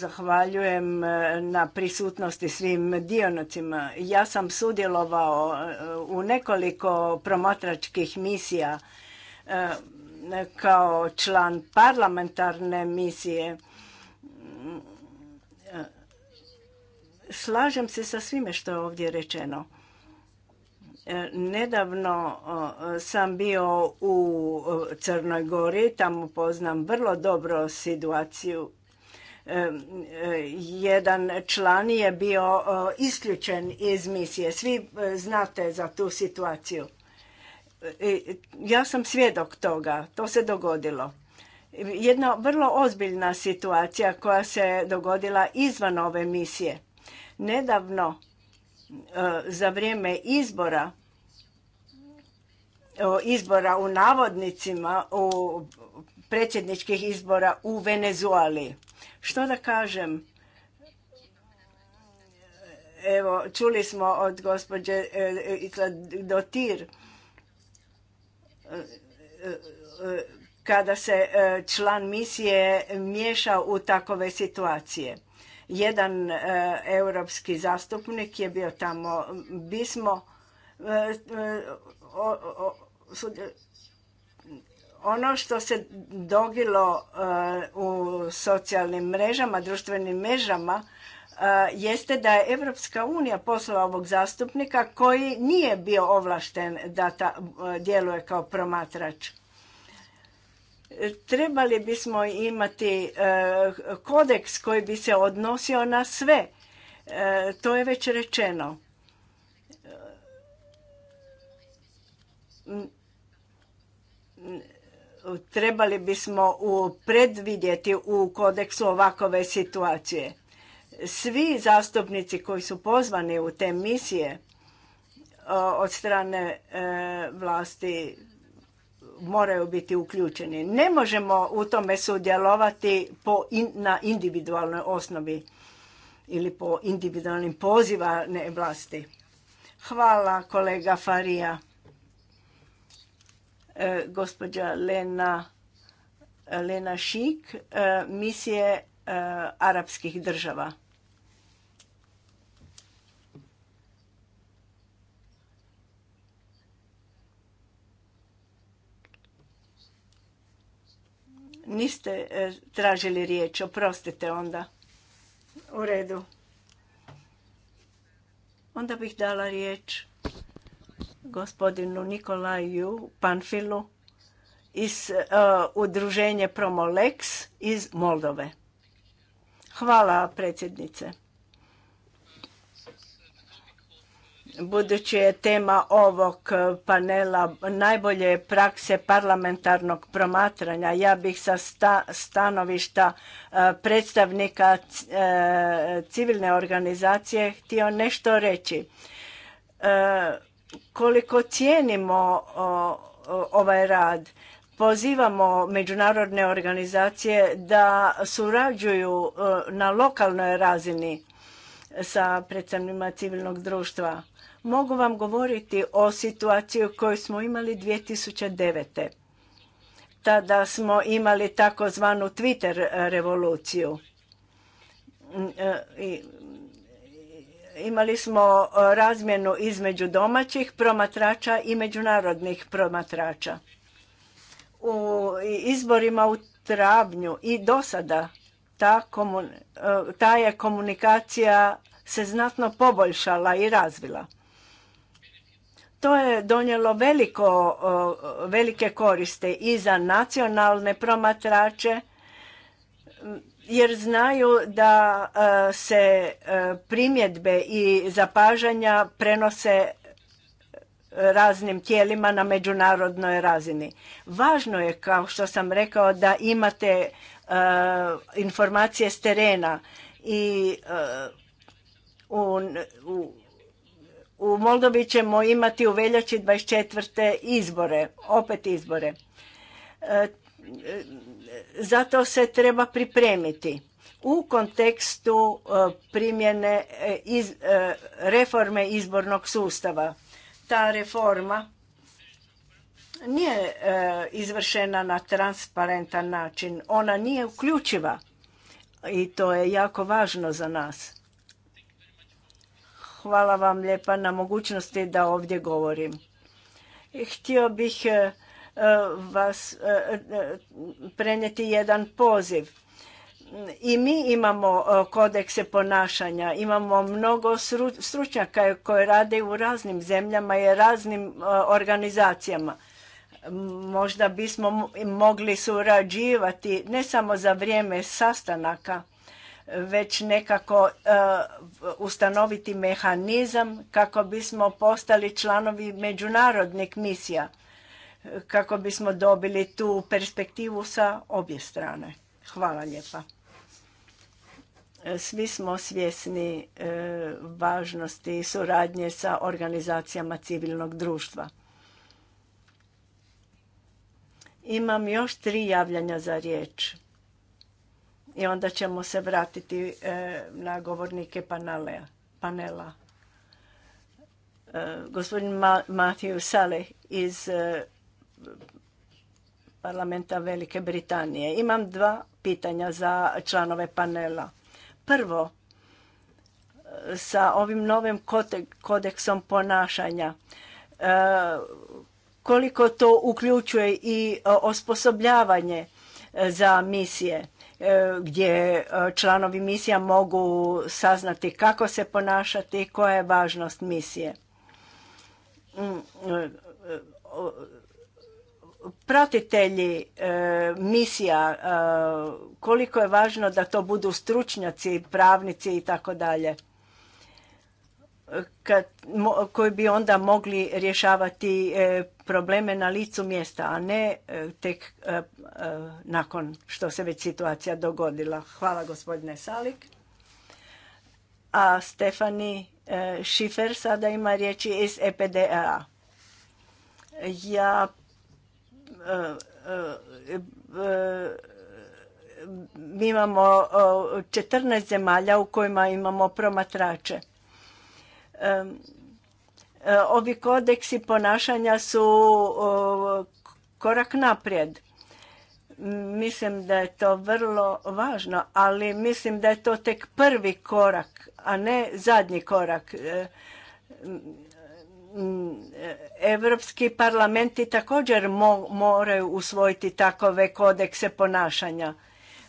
Zahvaljujem e, na prisutnosti svim dionicima. Ja sam sudjelovao e, u nekoliko promotračkih misija e, kao član parlamentarne misije. Slažem se sa svime što je ovdje rečeno. Nedavno sam bio u Crnoj Gori, tamo poznam vrlo dobro situaciju E, jedan član je bio isključen iz misije. Svi e, znate za tu situaciju. E, ja sam svjedok toga, to se dogodilo. Jedna vrlo ozbiljna situacija koja se dogodila izvan ove misije. Nedavno, za vrijeme izbora, izbora u navodnicima, u predsjedničkih izbora u Venezueli, što da kažem? Evo, čuli smo od gospođe e, e, Dotir e, kada se član misije miješa u takove situacije. Jedan europski zastupnik je bio tamo. Bismo ono što se dogilo uh, u socijalnim mrežama, društvenim mrežama, uh, jeste da je Evropska unija poslala ovog zastupnika koji nije bio ovlašten da uh, djeluje kao promatrač. Trebali bismo imati kodeks koji bi se odnosio na sve. To je već rečeno trebali bismo predvidjeti u kodeksu ovakove situacije. Svi zastupnici koji su pozvani u te misije e, od strane e, vlasti moraju biti uključeni. Ne možemo u tome sudjelovati na individualnoj osnovi ili po individualnim pozivane vlasti. Hvala kolega Farija. E, gospođa Lena, e, Lena Šik, e, misije arapskih država. Niste tražili riječ, oprostite onda. U redu. Onda bih dala riječ gospodinu Nikolaju Panfilu iz e, udruženje Promolex iz Moldove. Hvala predsjednice. Budući je tema ovog panela najbolje prakse parlamentarnog promatranja, ja bih sa stanovišta e, predstavnika e, civilne organizacije htio nešto reći koliko cijenimo ovaj rad pozivamo međunarodne organizacije da surađuju na lokalnoj razini sa predstavnima civilnog društva. Mogu vam govoriti o situaciji koju smo imali 2009. Tada smo imali takozvanu Twitter revoluciju. E, Imali smo e, razmjenu između domaćih promatrača i međunarodnih promatrača. U izborima u travnju i do sada ta, e, ta je komunikacija se znatno poboljšala i razvila. To je donijelo veliko, velike koriste i za nacionalne promatrače jer znaju da e, se e, primjedbe i zapažanja prenose e, raznim tijelima na međunarodnoj razini. Važno je, kao što sam rekao, da imate informacije s terena i u, u, Moldovi ćemo imati u veljači 24. izbore, opet izbore zato se treba pripremiti u kontekstu e, primjene e, e, reforme izbornog sustava. Ta reforma nije izvršena na transparentan način. Ona nije uključiva i to je jako važno za nas. Hvala vam lijepa na mogućnosti da ovdje govorim. Htio bih E, vas e, e, prenijeti jedan poziv. I mi imamo kodekse ponašanja, imamo mnogo stručnjaka koji rade u raznim zemljama i raznim organizacijama. Možda bismo mogli surađivati ne samo za vrijeme sastanaka, već nekako ustanoviti mehanizam kako bismo postali članovi međunarodnih misija kako bismo dobili tu perspektivu sa obje strane. Hvala lijepa. E, svi smo svjesni e, važnosti suradnje sa organizacijama civilnog društva. Imam još tri javljanja za riječ. I onda ćemo se vratiti e, na govornike panela. E, gospodin Matiju Matthew Saleh iz parlamenta Velike Britanije. Imam dva pitanja za članove panela. Prvo, e, sa ovim novim kodeksom ponašanja, e, koliko to uključuje i e, osposobljavanje za misije gdje članovi misija mogu saznati kako se ponašati i koja je važnost misije mm, pratitelji e, misija e, koliko je važno da to budu stručnjaci, pravnici i tako dalje koji bi onda mogli rješavati e, probleme na licu mjesta, a ne tek nakon što se već situacija dogodila. Hvala gospodine Salik. A Stefani Šifer sada ima riječi iz EPDA. Ja mi imamo 14 zemalja u kojima imamo promatrače. E, ovi kodeksi ponašanja su korak naprijed. Mislim da je to vrlo važno, ali mislim da je to tek prvi korak, a ne zadnji korak e, Mm, Europski parlamenti također moraju usvojiti takove kodekse ponašanja.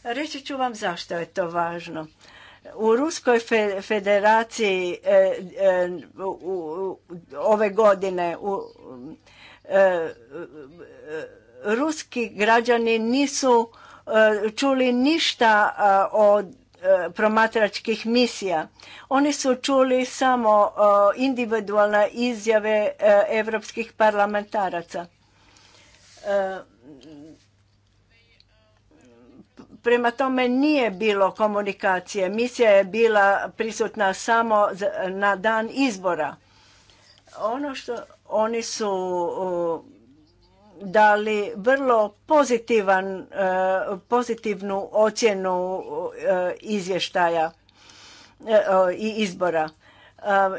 Reći ću vam zašto je to važno. U Ruskoj federaciji e, e, ove godine e, ruski građani nisu čuli ništa od E, promatračkih misija. Oni su čuli samo e, individualne izjave e, evropskih parlamentaraca. Prema tome nije bilo komunikacije. Misija je bila prisutna samo na dan izbora. Ono što oni su dali vrlo pozitivan, e, pozitivnu ocjenu e, izvještaja e, i izbora.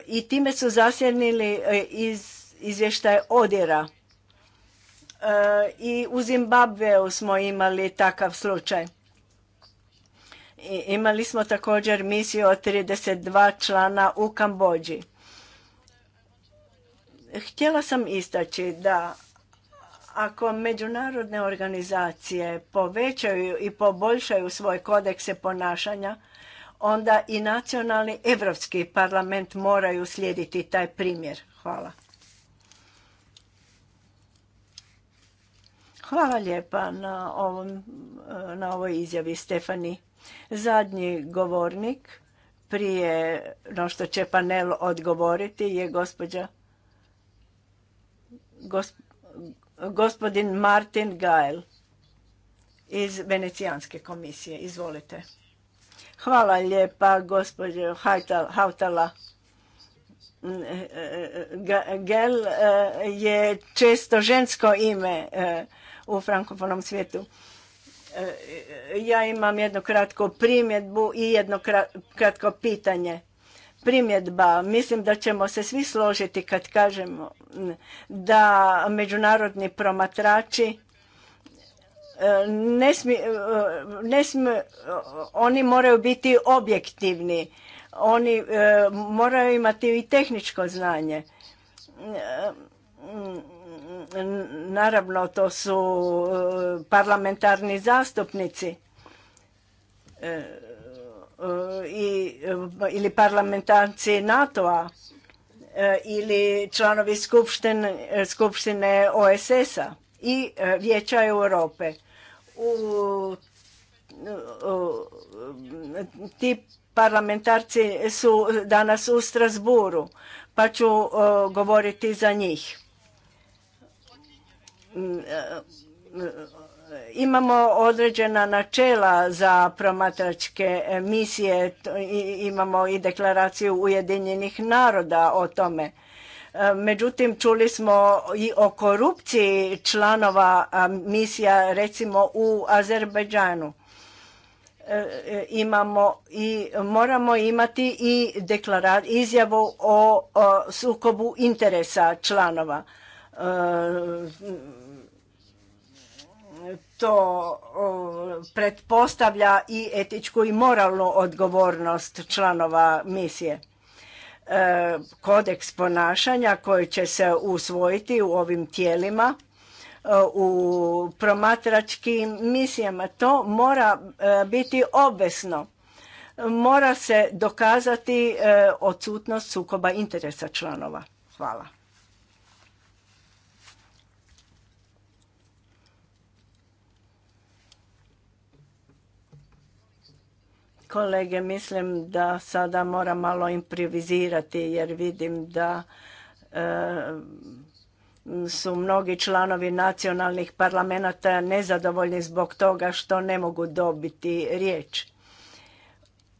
I time su zasjenili iz izvještaj odjera. I u Zimbabveu smo imali takav slučaj. I imali smo također misiju od 32 člana u Kambođi. Htjela sam istaći da ako međunarodne organizacije povećaju i poboljšaju svoje kodekse ponašanja, onda i nacionalni evropski parlament moraju slijediti taj primjer. Hvala. Hvala lijepa na, ovom, na ovoj izjavi Stefani. Zadnji govornik prije no što će panel odgovoriti je gospođa Gospodin Martin Gael iz Venecijanske komisije. Izvolite. Hvala lijepa gospođo Hautala. Mm, e, e, Gel e, je često žensko ime u frankofonom svijetu. Ja imam jednu kratku primjedbu i jedno kratko pitanje primjedba. Mislim da ćemo se svi složiti kad kažemo da međunarodni promatrači e, ne smi, e, ne smi, oni moraju biti objektivni, oni e, moraju imati i tehničko znanje. Naravno, to su parlamentarni zastupnici E, i, e, ili parlamentarci NATO-a e, ili članovi skupštine, skupštine OSS-a i Vijeća Europe. U, u, ti parlamentarci su danas u Strasburu, pa ću govoriti za njih. Mm, imamo određena načela za promatračke misije, imamo i deklaraciju Ujedinjenih naroda o tome. E, međutim, čuli smo i o korupciji članova misija recimo u Azerbajdžanu. E, imamo i moramo imati i izjavu o, sukobu interesa članova. E, to pretpostavlja i etičku i moralnu odgovornost članova misije. E, kodeks ponašanja koji će se usvojiti u ovim tijelima e, u promatračkim misijama. To mora e, biti obvezno. Mora se dokazati odsutnost sukoba interesa članova. Hvala. Kolege, mislim da sada moram malo improvizirati jer vidim da e, su mnogi članovi nacionalnih parlamenta nezadovoljni zbog toga što ne mogu dobiti riječ.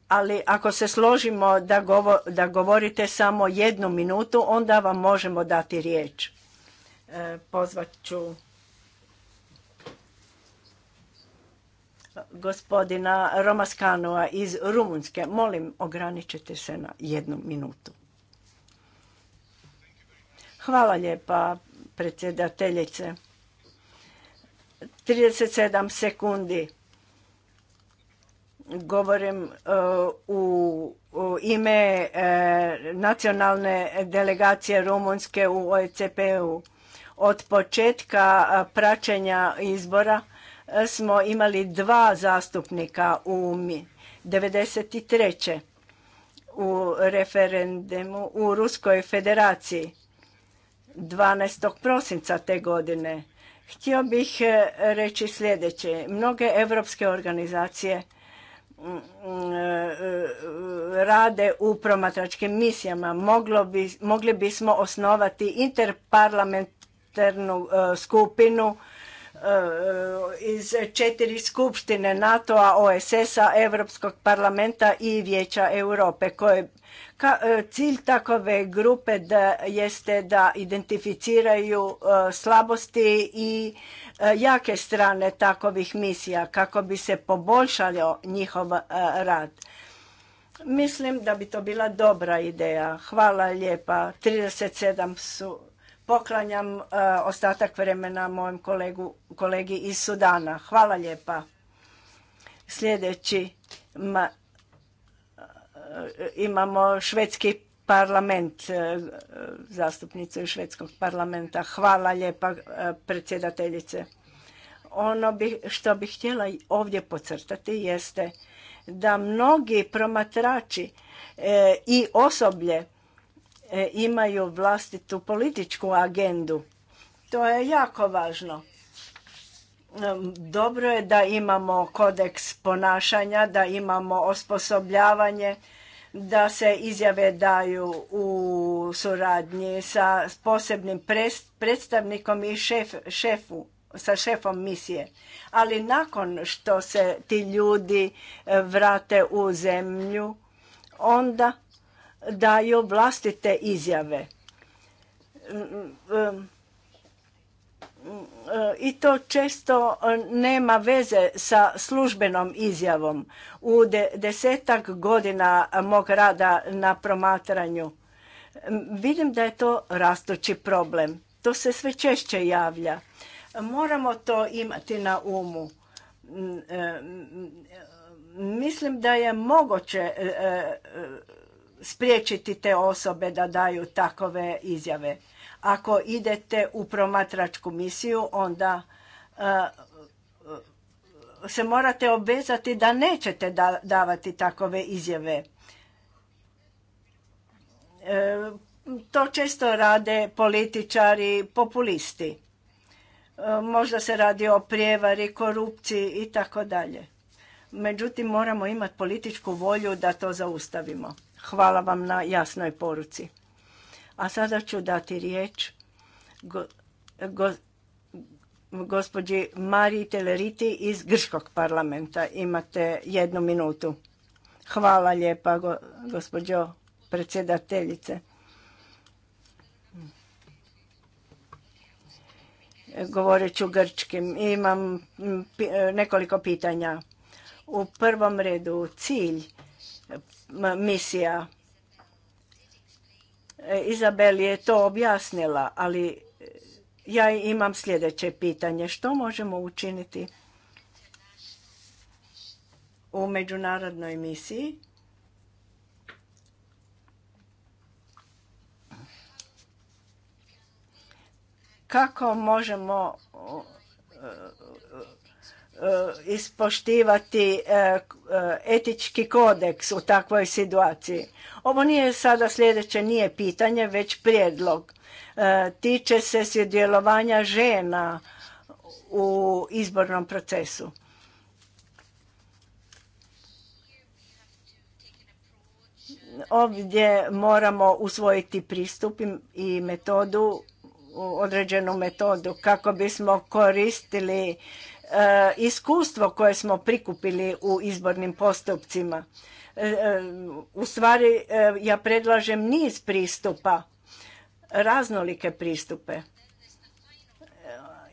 Ali ako se složimo da, da govorite samo jednu minutu, onda vam možemo dati riječ. E, pozvat ću gospodina Romaskanova iz Rumunjske. Molim, ograničite se na jednu minutu. Hvala lijepa, predsjedateljice. 37 sekundi govorim e, u ime e, nacionalne delegacije Rumunjske u oecp u Od početka e, praćenja izbora smo imali dva zastupnika u 93. u referendumu u Ruskoj federaciji 12. prosinca te godine. Htio bih e, reći sljedeće. Mnoge evropske organizacije mm, mm, e, e, rade u promatračkim misijama. mogli bismo osnovati interparlamentarnu skupinu Eh, iz četiri skupštine NATO-a, OSS-a, Europskog parlamenta i Vijeća Europe. Koje, eh, cilj takove grupe da, jeste da identificiraju eh, slabosti i jake strane takovih misija kako bi se poboljšalo njihov rad. Mislim da bi to bila dobra ideja. Hvala lijepa. 37 su poklanjam e, ostatak vremena mojem kolegu, kolegi iz Sudana. Hvala lijepa. Sljedeći e, imamo švedski parlament, e, zastupnicu iz švedskog parlamenta. Hvala lijepa predsjedateljice. Ono bi, što bih htjela ovdje pocrtati jeste da mnogi promatrači i osoblje E, imaju vlastitu političku agendu. To je jako važno. Dobro je da imamo kodeks ponašanja, da imamo osposobljavanje, da se izjave daju u suradnji sa posebnim predstavnikom i šef, šefu, sa šefom misije. Ali nakon što se ti ljudi e, vrate u zemlju, onda daju vlastite izjave. I to često nema veze sa službenom izjavom. U desetak godina mog rada na promatranju vidim da je to rastući problem. To se sve češće javlja. Moramo to imati na umu. Mislim da je moguće e, e, spriječiti te osobe da daju takove izjave. Ako idete u promatračku misiju, onda e, se morate obvezati da nećete davati takove izjave. E, to često rade političari, populisti. E, možda se radi o prijevari, korupciji i tako dalje. Međutim, moramo imati političku volju da to zaustavimo. Hvala vam na jasnoj poruci. A sada ću dati riječ gospođi Mariji Teleriti iz Grškog parlamenta. Imate jednu minutu. Hvala lijepa, gospođo predsjedateljice. Govorit ću grčkim. Imam mm, nekoliko pitanja. U prvom redu cilj misija. E, Izabel je to objasnila, ali ja imam sljedeće pitanje. Što možemo učiniti u međunarodnoj misiji? Kako možemo E, ispoštivati e, e, etički kodeks u takvoj situaciji. Ovo nije sada sljedeće, nije pitanje, već prijedlog. Tiče se sudjelovanja žena u izbornom procesu. Ovdje moramo usvojiti pristup i metodu, određenu metodu kako bismo koristili E, iskustvo koje smo prikupili u izbornim postupcima. E, e, u stvari ja predlažem niz pristupa, raznolike pristupe.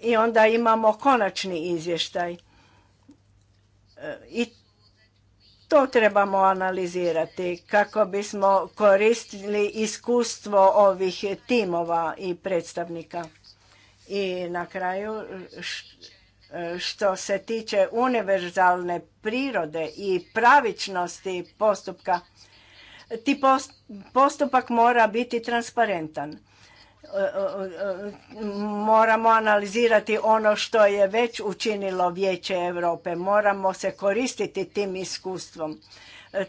I onda imamo konačni izvještaj. I to trebamo analizirati kako bismo koristili iskustvo ovih timova i predstavnika. I na kraju što se tiče univerzalne prirode i pravičnosti postupka, ti postupak mora biti transparentan. E, e, e, moramo analizirati ono što je već učinilo Vijeće Europe, moramo se koristiti tim iskustvom.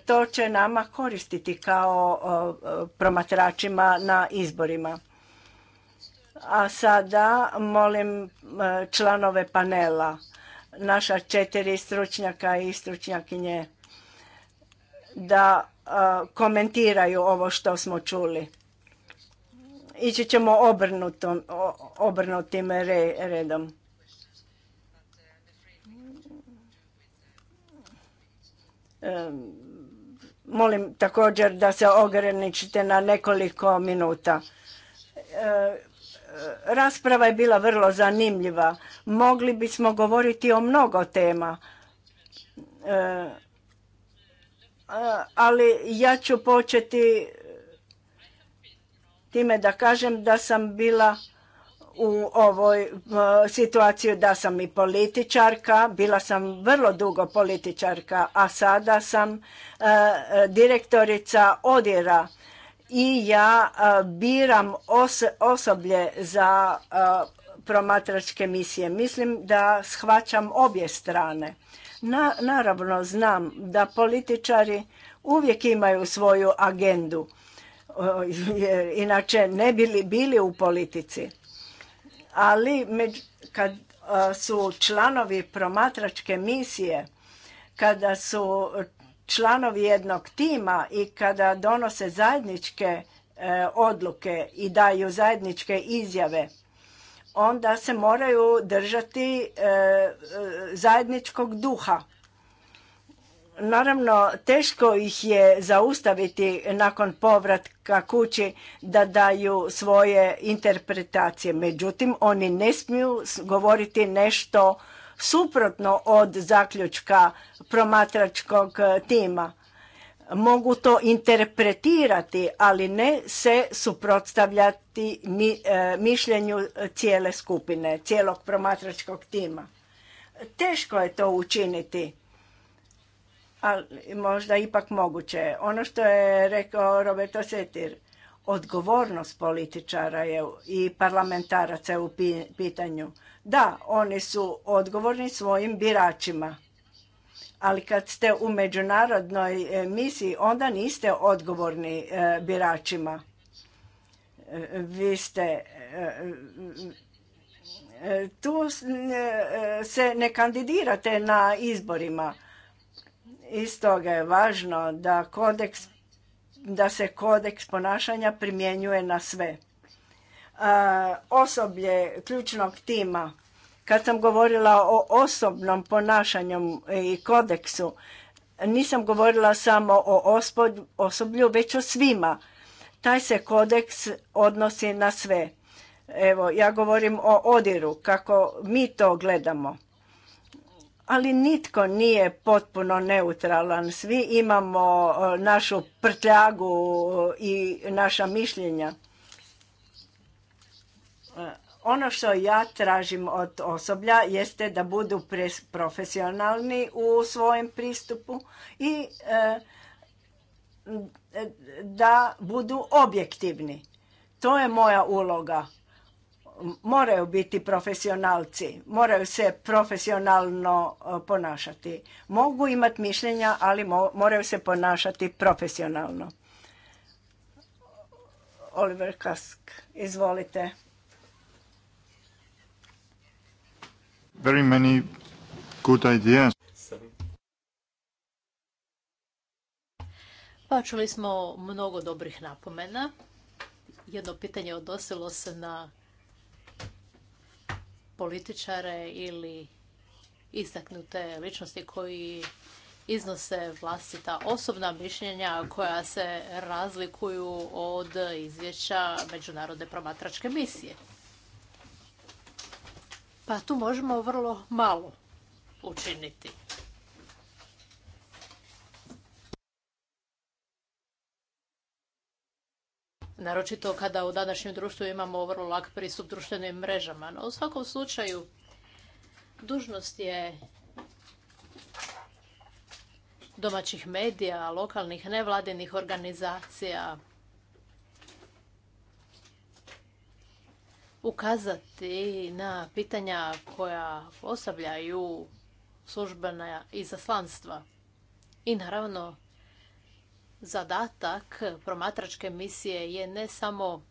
To će nama koristiti kao promatračima na izborima. A sada molim e, članove panela, naša četiri stručnjaka i stručnjakinje, da e, komentiraju ovo što smo čuli. Ići ćemo obrnutim redom. E, molim također da se ograničite na nekoliko minuta rasprava je bila vrlo zanimljiva. Mogli bismo govoriti o mnogo tema. E, ali ja ću početi e, time da kažem da sam bila u ovoj e, situaciji da sam i političarka, bila sam vrlo dugo političarka, a sada sam direktorica odjera i ja biram osoblje za promatračke misije. Mislim da shvaćam obje strane. naravno znam da političari uvijek imaju svoju agendu, inače ne bili bili u politici. Ali kad su članovi promatračke misije, kada su članovi jednog tima i kada donose zajedničke e, odluke i daju zajedničke izjave onda se moraju držati e, e, zajedničkog duha naravno teško ih je zaustaviti nakon povratka kući da daju svoje interpretacije međutim oni ne smiju govoriti nešto suprotno od zaključka promatračkog e, tima. Mogu to interpretirati, ali ne se suprotstavljati e, mišljenju cijele skupine, cijelog promatračkog tima. Teško je to učiniti, ali možda ipak moguće. Ono što je rekao Roberto Setir, odgovornost političara je i parlamentaraca u pitanju da, oni su odgovorni svojim biračima. Ali kad ste u međunarodnoj misiji, onda niste odgovorni e, biračima. E, vi ste e, tu se ne kandidirate na izborima. Iz toga je važno da, kodeks, da se kodeks ponašanja primjenjuje na sve. Osoblje ključnog tima kad sam govorila o osobnom ponašanju i kodeksu, nisam govorila samo o osoblju, već o svima. Taj se kodeks odnosi na sve. Evo, ja govorim o odiru, kako mi to gledamo. Ali nitko nije potpuno neutralan. Svi imamo e, našu prtljagu i naša mišljenja e, ono što ja tražim od osoblja jeste da budu profesionalni u svojem pristupu i e, da budu objektivni. To je moja uloga. Moraju biti profesionalci, moraju se profesionalno e, ponašati. Mogu imati mišljenja, ali moraju se ponašati profesionalno. Oliver Kask, izvolite. very many good ideas. Pa čuli smo mnogo dobrih napomena. Jedno pitanje odnosilo se na političare ili istaknute ličnosti koji iznose vlastita osobna mišljenja koja se razlikuju od izvješća Međunarodne promatračke misije. Pa tu možemo vrlo malo učiniti. Naročito kada u današnjem društvu imamo vrlo lak pristup društvenim mrežama. No, u svakom slučaju, dužnost je domaćih medija, lokalnih nevladinih organizacija, ukazati na pitanja koja postavljaju službena izaslanstva. I naravno, zadatak promatračke misije je ne samo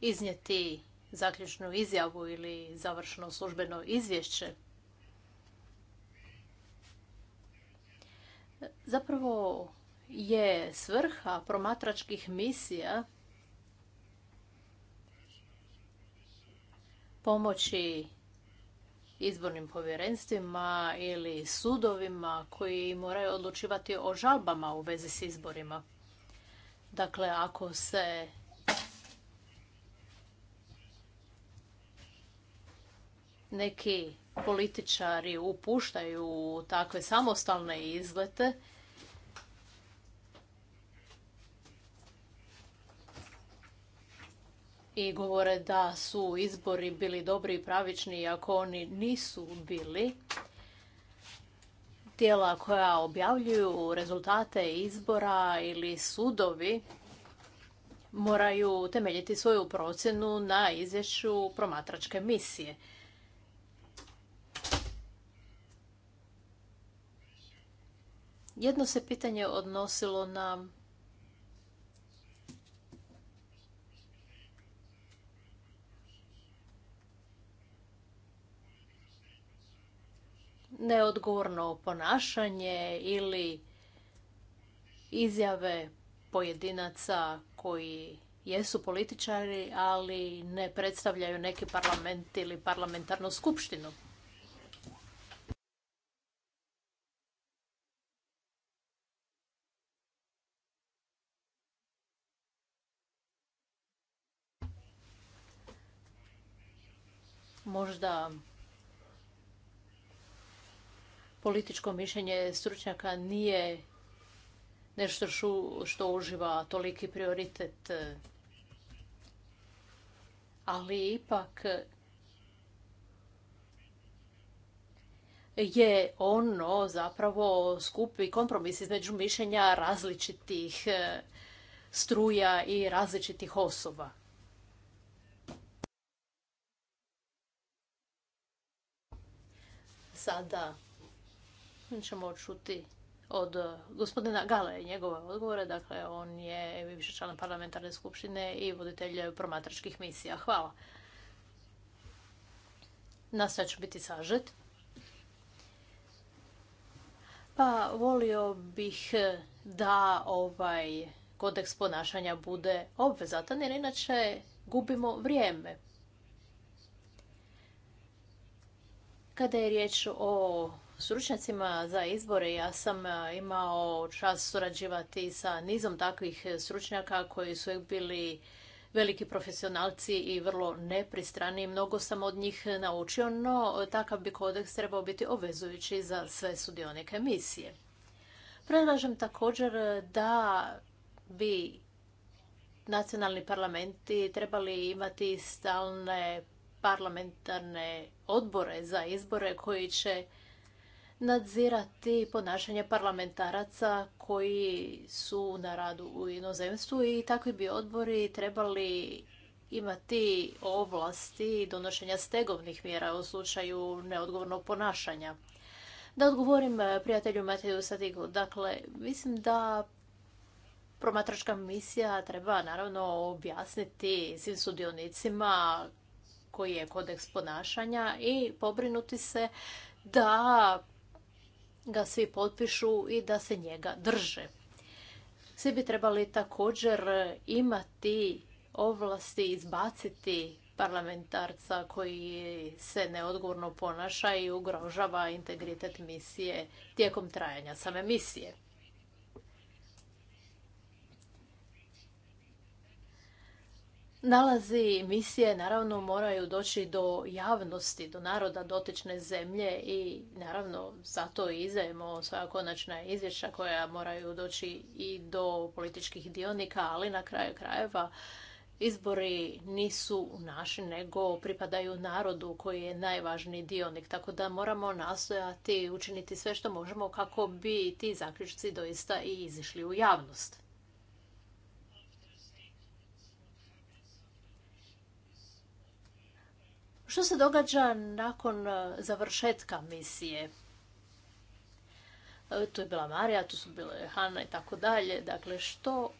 iznijeti zaključnu izjavu ili završno službeno izvješće. Zapravo je svrha promatračkih misija pomoći izbornim povjerenstvima ili sudovima koji moraju odlučivati o žalbama u vezi s izborima. Dakle, ako se neki političari upuštaju u takve samostalne izlete, i govore da su izbori bili dobri i pravični, ako oni nisu bili, tijela koja objavljuju rezultate izbora ili sudovi moraju temeljiti svoju procjenu na izvješću promatračke misije. Jedno se pitanje odnosilo na neodgovorno ponašanje ili izjave pojedinaca koji jesu političari, ali ne predstavljaju neki parlament ili parlamentarnu skupštinu. Možda političko mišljenje stručnjaka nije nešto što uživa toliki prioritet. E, ali ipak je ono zapravo skupi kompromis između mišljenja različitih e, struja i različitih osoba. Sada ćemo čuti od eh, gospodina Gale i njegove odgovore. Dakle, on je više član parlamentarne skupštine i voditelj promatračkih misija. Hvala. Nastojat ću biti sažet. Pa volio bih eh, da ovaj kodeks ponašanja bude obvezatan, jer inače gubimo vrijeme. Kada je riječ o stručnjacima za izbore. Ja sam e, imao čas surađivati sa nizom takvih stručnjaka koji su bili veliki profesionalci i vrlo nepristrani. Mnogo sam od njih naučio, no takav bi kodeks trebao biti obvezujući za sve sudionike misije. Predlažem također da bi nacionalni parlamenti trebali imati stalne parlamentarne odbore za izbore koji će nadzirati ponašanje parlamentaraca koji su na radu u inozemstvu i takvi bi odbori trebali imati ovlasti donošenja stegovnih mjera u slučaju neodgovornog ponašanja. Da odgovorim prijatelju Mateju Sadigu, dakle, mislim da promatračka misija treba naravno objasniti svim sudionicima koji je kodeks ponašanja i pobrinuti se da ga svi potpišu i da se njega drže. Svi bi trebali također imati ovlasti izbaciti parlamentarca koji se neodgovorno ponaša i ugrožava integritet misije tijekom trajanja same misije. Nalazi misije naravno moraju doći do javnosti, do naroda dotične zemlje i naravno zato i izajemo svoja konačna izvješća koja moraju doći i do političkih dionika, ali na kraju krajeva izbori nisu naši nego pripadaju narodu koji je najvažniji dionik, tako da moramo nastojati učiniti sve što možemo kako bi ti zaključci doista i izišli u javnost. Što se događa nakon e, završetka misije? E, tu je bila Marija, tu su bile Hanna i tako dalje. Dakle, što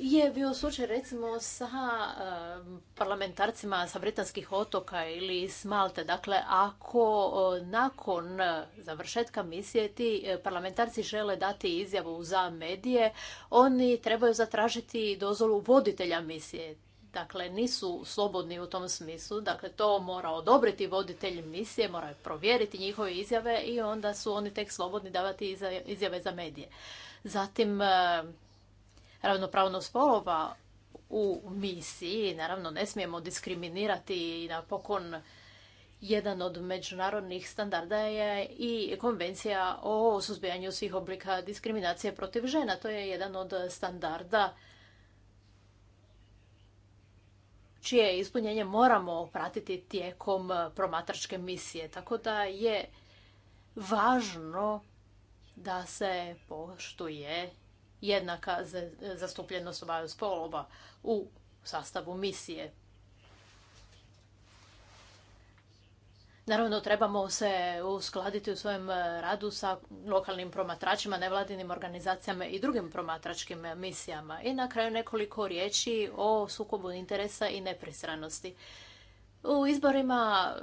je bio slučaj recimo sa eh, parlamentarcima sa britanskih otoka ili s Malte. Dakle, ako eh, nakon eh, završetka misije ti parlamentarci žele dati izjavu za medije, oni trebaju zatražiti dozvolu voditelja misije. Dakle, nisu slobodni u tom smislu. Dakle, to mora odobriti voditelj misije, mora provjeriti njihove izjave i onda su oni tek slobodni davati izjave za medije. Zatim, ravnopravnost spolova u misiji. Naravno, ne smijemo diskriminirati i napokon jedan od međunarodnih standarda je i konvencija o suzbijanju svih oblika diskriminacije protiv žena. To je jedan od standarda čije ispunjenje moramo pratiti tijekom promatračke misije. Tako da je važno da se poštuje jednaka zastupljenost obaju spolova u sastavu misije. Naravno, trebamo se uskladiti u svojem radu sa lokalnim promatračima, nevladinim organizacijama i drugim promatračkim misijama. I na kraju nekoliko riječi o sukobu interesa i nepristranosti. U izborima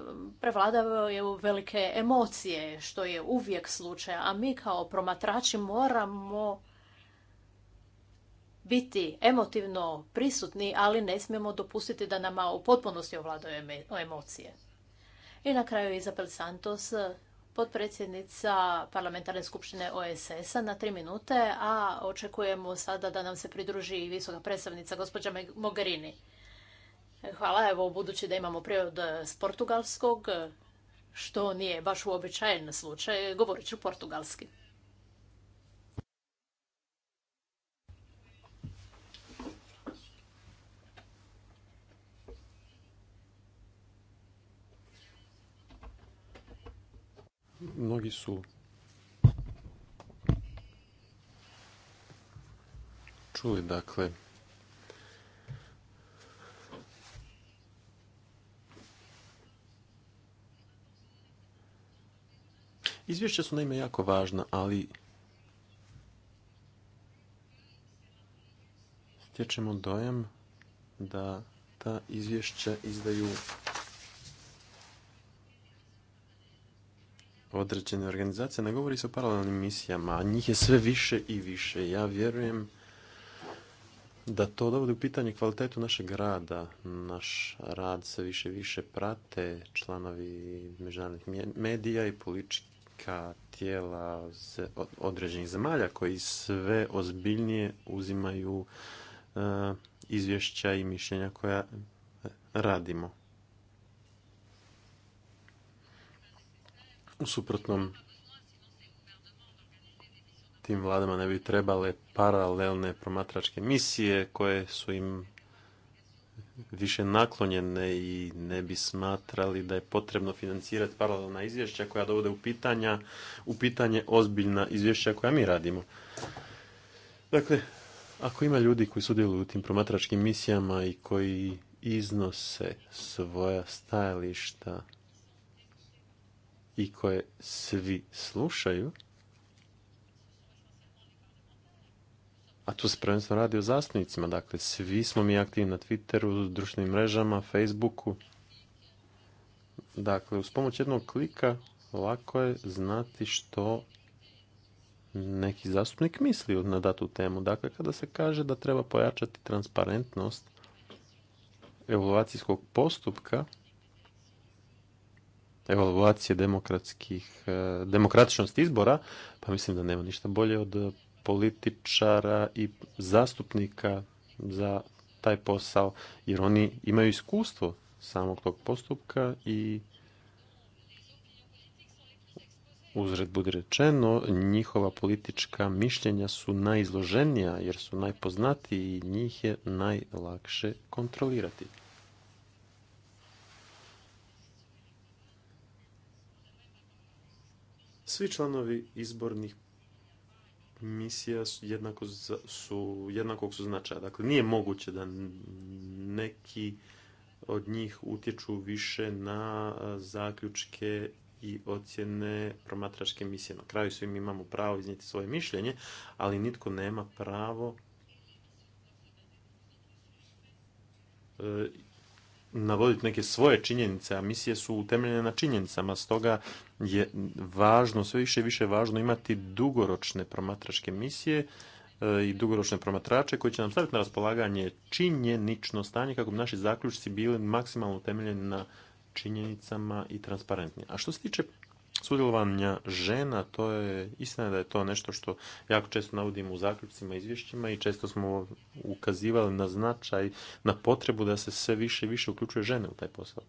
prevladavaju velike emocije, što je uvijek slučaj, a mi kao promatrači moramo biti emotivno prisutni, ali ne smijemo dopustiti da nama u potpunosti ovladaju emocije. I na kraju Izabel Santos, potpredsjednica Parlamentarne skupštine OSS-a na tri minute, a očekujemo sada da nam se pridruži i visoka predstavnica gospođa Mogherini. Hvala, evo budući da imamo prirod s portugalskog, što nije baš uobičajen slučaj, govorit ću portugalski. mnogi su čuli, dakle, Izvješća su naime jako važna, ali stječemo dojam da ta izvješća izdaju određene organizacije, ne govori se o paralelnim misijama, a njih je sve više i više. Ja vjerujem da to dovodi u pitanje kvalitetu našeg rada. Naš rad se više i više prate članovi međunarodnih medija i politička tijela određenih zemalja koji sve ozbiljnije uzimaju e, izvješća i mišljenja koja e, radimo. U suprotnom, tim vladama ne bi trebale paralelne promatračke misije koje su im više naklonjene i ne bi smatrali da je potrebno financirati paralelna izvješća koja dovode u, pitanja, u pitanje ozbiljna izvješća koja mi radimo. Dakle, ako ima ljudi koji sudjeluju u tim promatračkim misijama i koji iznose svoja stajališta i koje svi slušaju, a tu se prvenstveno radi o zastupnicima, dakle svi smo mi aktivni na Twitteru, društvenim mrežama, Facebooku. Dakle, uz pomoć jednog klika lako je znati što neki zastupnik misli na datu temu. Dakle, kada se kaže da treba pojačati transparentnost evaluacijskog postupka, evaluacije demokratskih, e, demokratičnosti izbora, pa mislim da nema ništa bolje od političara i zastupnika za taj posao, jer oni imaju iskustvo samog tog postupka i uzred budi rečeno, njihova politička mišljenja su najizloženija jer su najpoznatiji i njih je najlakše kontrolirati. Svi članovi izbornih misija su jednako su, jednakog su značaja. Dakle, nije moguće da neki od njih utječu više na zaključke i ocjene promatračke misije. Na kraju svi mi imamo pravo iznijeti svoje mišljenje, ali nitko nema pravo e, navoditi neke svoje činjenice, a misije su utemeljene na činjenicama, stoga je važno, sve više i više važno imati dugoročne promatračke misije e, i dugoročne promatrače koji će nam staviti na raspolaganje činjenično stanje kako bi naši zaključci bili maksimalno utemeljeni na činjenicama i transparentni. A što se tiče sudjelovanja žena, to je istina da je to nešto što jako često navodimo u zaključcima i izvješćima i često smo ukazivali na značaj, na potrebu da se sve više i više uključuje žene u taj posao.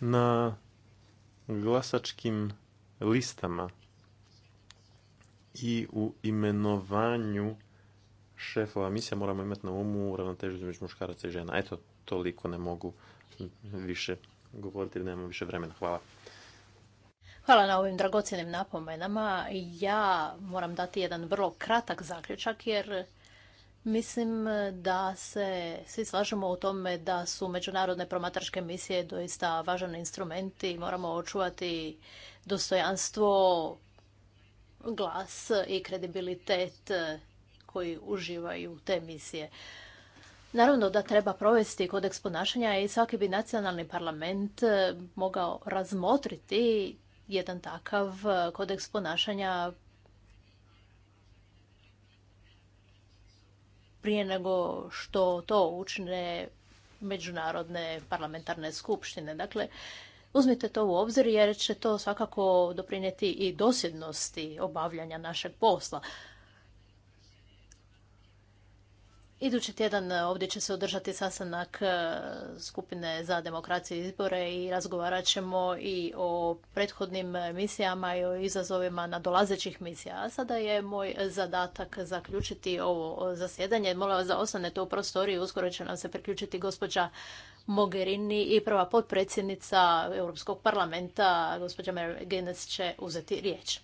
Na glasačkim listama i u imenovanju šefova misija moramo imati na umu ravnotežu između muškaraca i žena. Eto, toliko ne mogu više govoriti jer nemamo više vremena. Hvala. Hvala na ovim dragocjenim napomenama. Ja moram dati jedan vrlo kratak zaključak jer mislim da se svi slažemo u tome da su međunarodne promatračke misije doista važan instrument i moramo očuvati dostojanstvo, glas i kredibilitet koji uživaju te misije. Naravno da treba provesti kodeks ponašanja i svaki bi nacionalni parlament e, mogao razmotriti jedan takav e, kodeks ponašanja prije nego što to učine međunarodne parlamentarne skupštine. Dakle, uzmite to u obzir jer će to svakako doprinijeti i dosjednosti obavljanja našeg posla. Idući tjedan e, ovdje će se održati sastanak e, skupine za demokraciju i izbore i razgovarat ćemo i o prethodnim misijama i o izazovima dolazećih misija. A sada je moj zadatak zaključiti ovo zasjedanje. Molim vas da ostanete u prostoriji, uskoro će nam se priključiti gospođa Mogherini i prva potpredsjednica Europskog parlamenta, gospođa Mary će uzeti riječ.